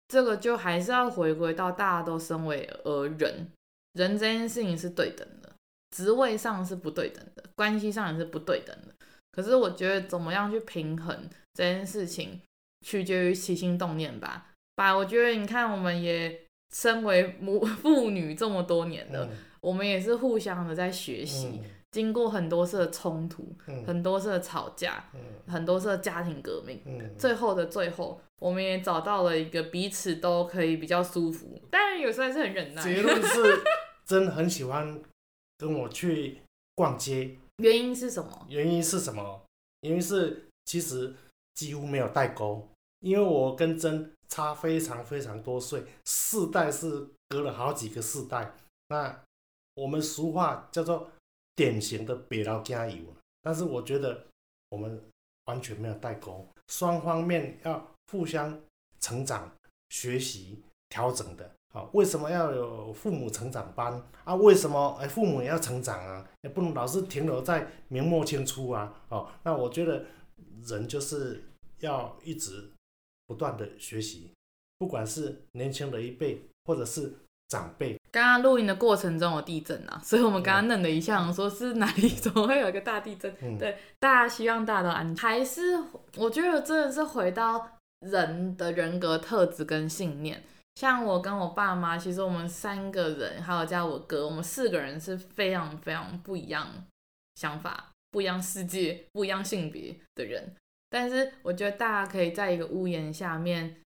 這個就還是要回歸到大家都身為呃人，人這件事情是對等的，職位上是不對等的，關係上也是不對等的。可是我覺得怎麼樣去平衡這件事情，取決於起心動念吧。爸，我覺得你看，我們也身為母父女這麼多年了，嗯、我們也是互相的在學習，嗯、經過很多次的衝突，嗯、很多次的吵架，嗯、很多次的家庭革命，嗯、最後的最後，我們也找到了一個彼此都可以比較舒服。當然有時候還是很忍耐。結論是 [LAUGHS] 真很喜歡跟我去逛街，原因，原因是什麼？原因是什麼？原因是其實幾乎沒有代溝，因為我跟珍。差非常非常多歲，世代是隔了好幾個世代。那我們俗話叫做典型的“別老家油”，但是我覺得我們完全沒有代溝，雙方面要互相成長、學習、調整的。好、哦，為什麼要有父母成長班啊？為什麼哎，父母也要成長啊？也不能老是停留在明末清初啊！哦，那我覺得人就是要一直。不斷的學習，不管是年輕的一輩，或者是長輩。剛剛錄音的過程中有地震啊，所以我們剛剛愣了一下，嗯、說是哪裡怎麼會有一個大地震？嗯、對，大家希望大家都安全。還是我覺得真的是回到人的人格特質跟信念。像我跟我爸媽，其實我們三個人，還有加我、我哥，我們四個人是非常非常不一樣想法、不一樣世界、不一樣性別的人。但是我覺得大家可以在一個屋檐下面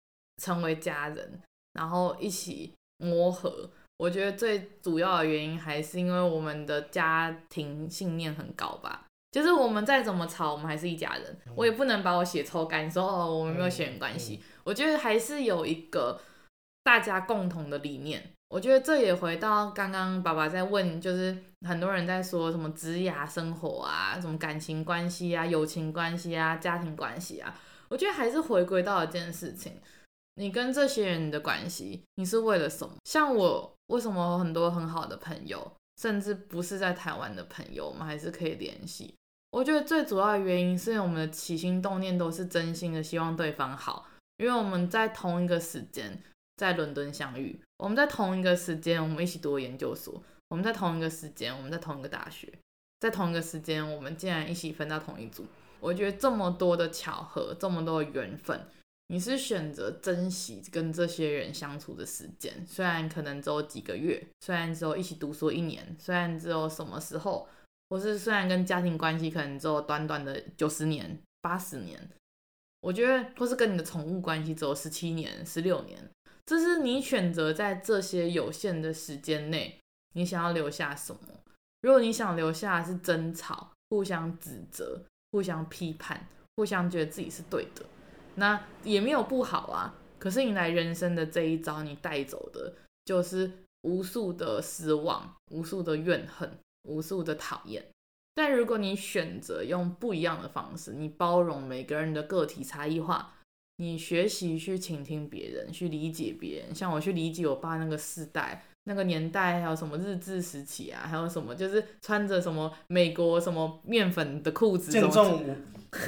成為家人，然後一起磨合。我覺得最主要的原因還是因為我們的家庭信念很高吧。就是我們再怎麼吵，我們還是一家人。我也不能把我血抽乾，說哦，我們沒有血緣關係，我覺得還是有一個大家共同的理念。我覺得這也回到剛剛爸爸在問，就是很多人在說什麼職涯生活啊，什麼感情關係啊，友情關係啊，家庭關係啊。我覺得還是回歸到了一件事情，你跟這些人的關係，你是為了什麼？像我為什麼有很多很好的朋友，甚至不是在台灣的朋友，我們還是可以聯繫。我覺得最主要的原因是因為我們的起心動念都是真心的，希望對方好，因為我們在同一個時間。在倫敦相遇，我們在同一個時間，我們一起讀研究所，我們在同一個時間，我們在同一個大學，在同一個時間，我們竟然一起分到同一組。我覺得這麼多的巧合，這麼多的緣分，你是選擇珍惜跟這些人相處的時間，雖然可能只有幾個月，雖然只有一起讀書一年，雖然只有什麼時候，或是雖然跟家庭關係可能只有短短的九十年、八十年，我覺得或是跟你的寵物關係只有十七年、十六年。就是你選擇在這些有限的時間內，你想要留下什麼？如果你想留下是爭吵、互相指責、互相批判、互相覺得自己是對的，那也沒有不好啊。可是迎來人生的這一遭，你帶走的就是無數的失望、無數的怨恨、無數的討厭。但如果你選擇用不一樣的方式，你包容每個人的個體差異化。你學習去傾聽別人，去理解別人。像我去理解我爸那個世代、那個年代，還有什麼日治時期啊，還有什麼就是穿着什麼美國什麼麵粉的褲子，子，減重五,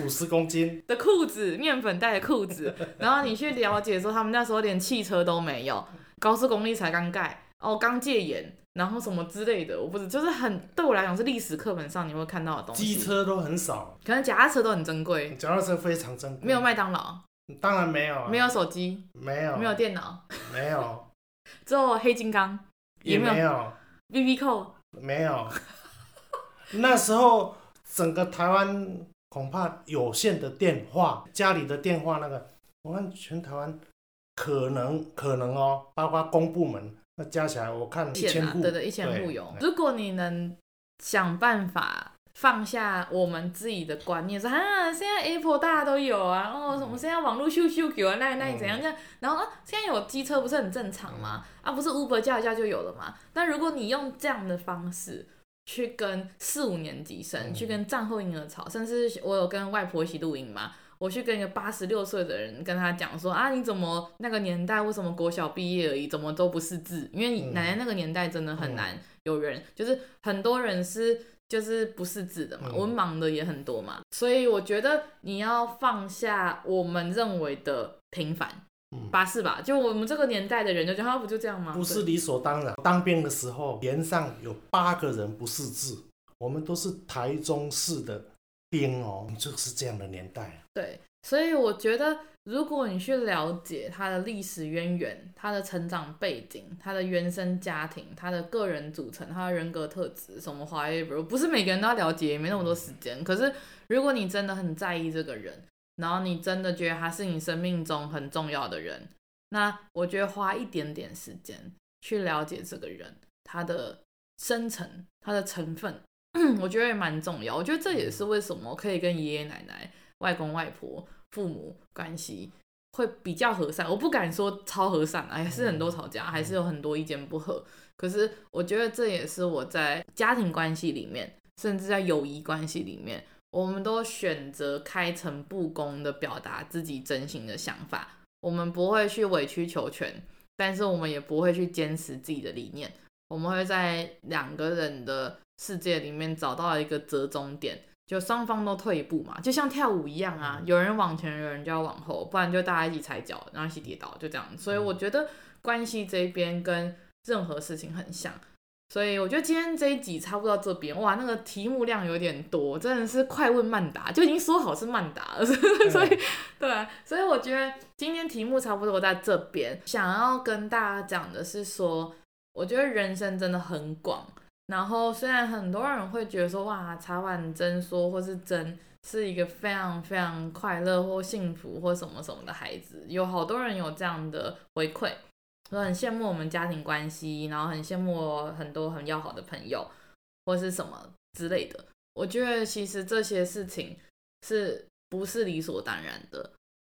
五十公斤 [LAUGHS] 的褲子，麵粉袋的褲子。然後你去了解說，他們那時候連汽車都沒有，高速公路才剛蓋，哦剛戒嚴，然後什麼之類的，我不是就是很對我來講是歷史課本上你會看到的東西。機車都很少，可能腳踏車都很珍貴。腳踏車非常珍貴，沒有麥當勞。當然沒有，沒有手機，沒有，沒有電腦，沒有。之後黑金剛也沒有，BB 扣沒有。那時候整個台灣恐怕有線的電話，家裡的電話那個，我看全台灣可能可能哦，包括公部門那加起來，我看一千戶，對對，一千戶有。如果你能想辦法。放下我們自己的觀念，說啊，現在 Apple 大家都有啊，哦，什麼現在網絡秀秀狗啊，那那怎樣這樣，然後啊，現在有機車不是很正常嗎？啊，不是 Uber 叫一叫就有了嗎？那如果你用這樣的方式去跟四五年級生，去跟戰後嬰兒潮，甚至我有跟外婆一起錄音嘛，我去跟一個八十六歲的人跟他講說啊，你怎麼那個年代為什麼國小畢業而已，怎麼都不識字？因為奶奶那個年代真的很難有人，嗯嗯、就是很多人是。就是不識字的嘛，嗯、文盲的也很多嘛，所以我覺得你要放下我們認為的平凡，嗯，巴士吧，吧，就我們這個年代的人就覺得他不就這樣嗎？不是理所當然。對當兵的時候連上有八個人不識字，我們都是台中市的兵哦、喔，就是這樣的年代。對。所以我覺得，如果你去了解他的歷史淵源、他的成長背景、他的原生家庭、他的個人組成、他的人格特質，什麼花葉比如，不是每個人都要了解，也沒那麼多時間。可是，如果你真的很在意這個人，然後你真的覺得他是你生命中很重要的人，那我覺得花一點點時間去了解這個人他的生成、他的成分， [COUGHS] 我覺得也蠻重要。我覺得這也是為什麼可以跟爺爺奶奶、外公外婆。父母關係會比較和善，我不敢說超和善，還是很多吵架，還是有很多意見不合。可是我覺得這也是我在家庭關係裡面，甚至在友誼關係裡面，我們都選擇開誠布公的表達自己真心的想法，我們不會去委曲求全，但是我們也不會去堅持自己的理念，我們會在兩個人的世界裡面找到一個折中點。就雙方都退一步嘛，就像跳舞一樣啊，有人往前，有人就要往後，不然就大家一起踩腳，然後一起跌倒，就這樣。所以我覺得關係這邊跟任何事情很像。所以我覺得今天這一集差不多到這邊，哇，那個題目量有點多，真的是快問慢答，就已經說好是慢答了。嗯、 [LAUGHS] 所以對啊，所以我覺得今天題目差不多在這邊。想要跟大家講的是說，我覺得人生真的很廣。然後，雖然很多人會覺得說，哇，茶碗蒸說或是珍是一個非常非常快樂或幸福或什麼什麼的孩子，有好多人有這樣的回饋，很羨慕我們家庭關係，然後很羨慕我很多很要好的朋友或是什麼之類的。我覺得其實這些事情是不是理所當然的？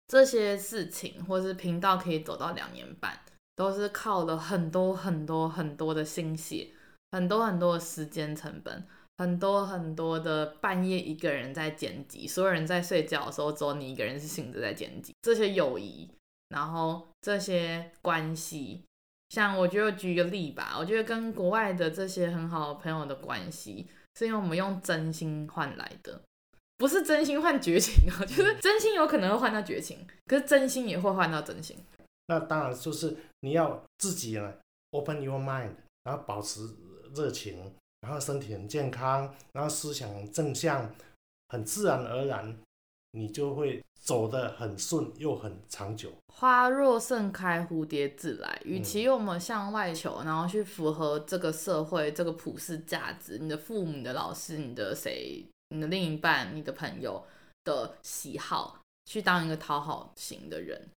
這些事情或是頻道可以走到兩年半，都是靠了很多很多很多的心血。很多很多的時間成本，很多很多的半夜一個人在剪輯，所有人在睡覺的時候，只有你一個人是醒着在剪輯。這些友誼，然後這些關係，像我覺得舉個例吧，我覺得跟國外的這些很好的朋友的關係，是因為我們用真心換來的，不是真心換絕情啊，就是真心有可能會換到絕情，可是真心也會換到真心。那當然就是你要自己呢，open your mind，然後保持。熱情，然後身體很健康，然後思想正向，很自然而然，你就會走得很順又很長久。花若盛開，蝴蝶自來。與其我們向外求，然後去符合這個社會這個普世價值，你的父母、你的老師、你的誰、你的另一半、你的朋友的喜好，去當一個討好型的人，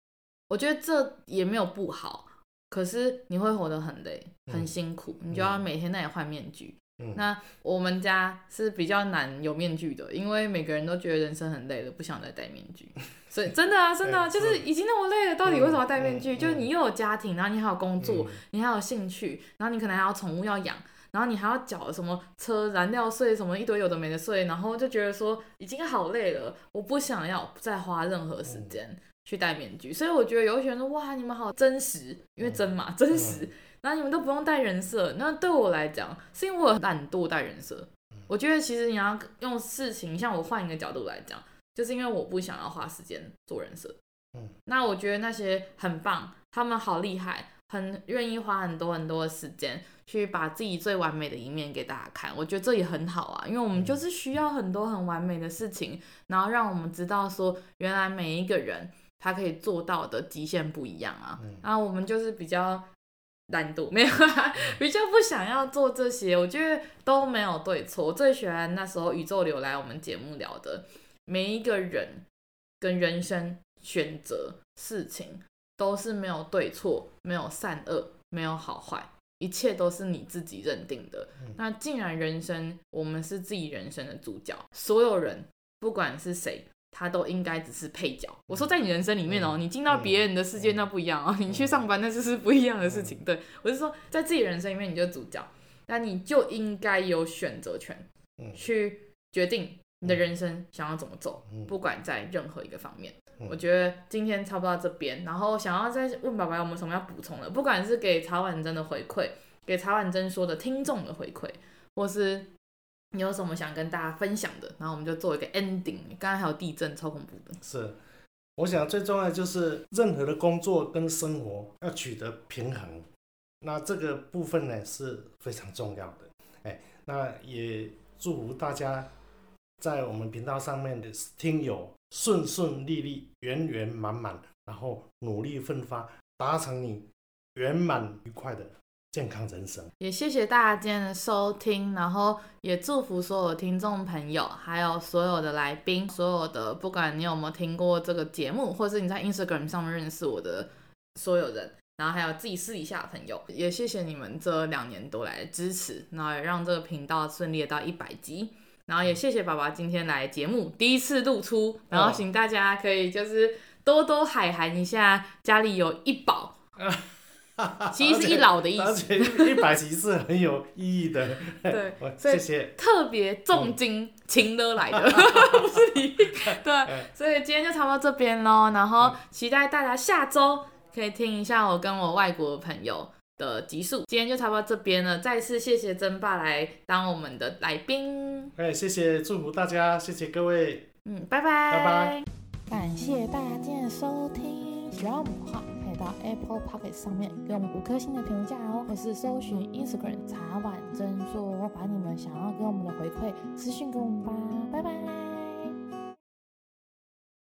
我覺得這也沒有不好。可是你會活得很累，很辛苦，嗯、你就要每天在那裡換面具。嗯、那我們家是比較難有面具的，因為每個人都覺得人生很累了，不想再戴面具。所以真的啊，真的，啊欸，就是已經那麼累了，嗯、到底為什麼要戴面具？嗯、就是你又有家庭，然後你還有工作，嗯、你還有興趣，然後你可能還有寵物要養，然後你還要繳什麼車燃料稅，什麼一堆有的沒的稅，然後就覺得說已經好累了，我不想要再花任何時間。嗯去戴面具，所以我覺得有些人說，哇，你們好真實，因為真嘛、嗯、真實，那你們都不用戴人設。那對我來講，是因為我懶惰戴人設。嗯、我覺得其實你要用事情，像我換一個角度來講，就是因為我不想要花時間做人設。嗯、那我覺得那些很棒，他們好厲害，很願意花很多很多的時間去把自己最完美的一面給大家看。我覺得這也很好啊，因為我們就是需要很多很完美的事情，然後讓我們知道說原來每一個人。他可以做到的極限不一樣啊，然後、嗯啊、我們就是比較難度沒有，比較不想要做這些，我覺得都沒有對錯。我最喜歡那時候宇宙流來我們節目聊的，每一個人跟人生選擇事情都是沒有對錯，沒有善惡，沒有好壞，一切都是你自己認定的。嗯、那既然人生我們是自己人生的主角，所有人不管是誰。他都應該只是配角。我說，在你人生裡面哦、喔，你進到別人的世界那不一樣哦、喔，你去上班那就是不一樣的事情。對，我是說，在自己人生裡面你就主角，那你就應該有選擇權，去決定你的人生想要怎麼走，不管在任何一個方面。我覺得今天差不多到這邊，然後想要再問爸爸有沒有什麼要補充的，不管是給茶碗蒸的回饋，給茶碗蒸說的聽眾的回饋，或是。你有什麼想跟大家分享的？然後我們就做一個 ending。剛剛還有地震，超恐怖的。是，我想最重要的就是任何的工作跟生活要取得平衡。那這個部分呢是非常重要的。哎、欸，那也祝福大家在我們頻道上面的聽友順順利利、圓圓滿滿，然後努力奮發，達成你圓滿愉快的。健康人生，也謝謝大家今天的收聽，然後也祝福所有聽眾朋友，還有所有的來賓，所有的不管你有沒有聽過這個節目，或是你在 Instagram 上面認識我的所有人，然後還有自己私底下的朋友，也謝謝你們這兩年多來的支持，然後也讓這個頻道順利到一百集，然後也謝謝爸爸今天來節目、嗯、第一次露出，然後請大家可以就是多多海涵一下，哦、家裡有一寶。 [LAUGHS] 其實是一老的意思，而且而且一百集是很有意義的。 [LAUGHS] 對，謝謝。特別重金請了、嗯、來的，的。 [LAUGHS] 對，所以今天就差不多這邊嘍，然後期待大家下周可以聽一下我跟我外國朋友的集數。今天就差不多這邊了，再次謝謝珍爸來當我們的來賓。哎、欸，謝謝，祝福大家，謝謝各位。嗯，拜拜，拜拜 bye。感謝大家今天收聽到 Apple Podcast 上面給我們五顆星的評價哦，或是搜尋 Instagram 茶碗蒸說，我把你們想要給我們的回饋私訊給我們吧，拜拜。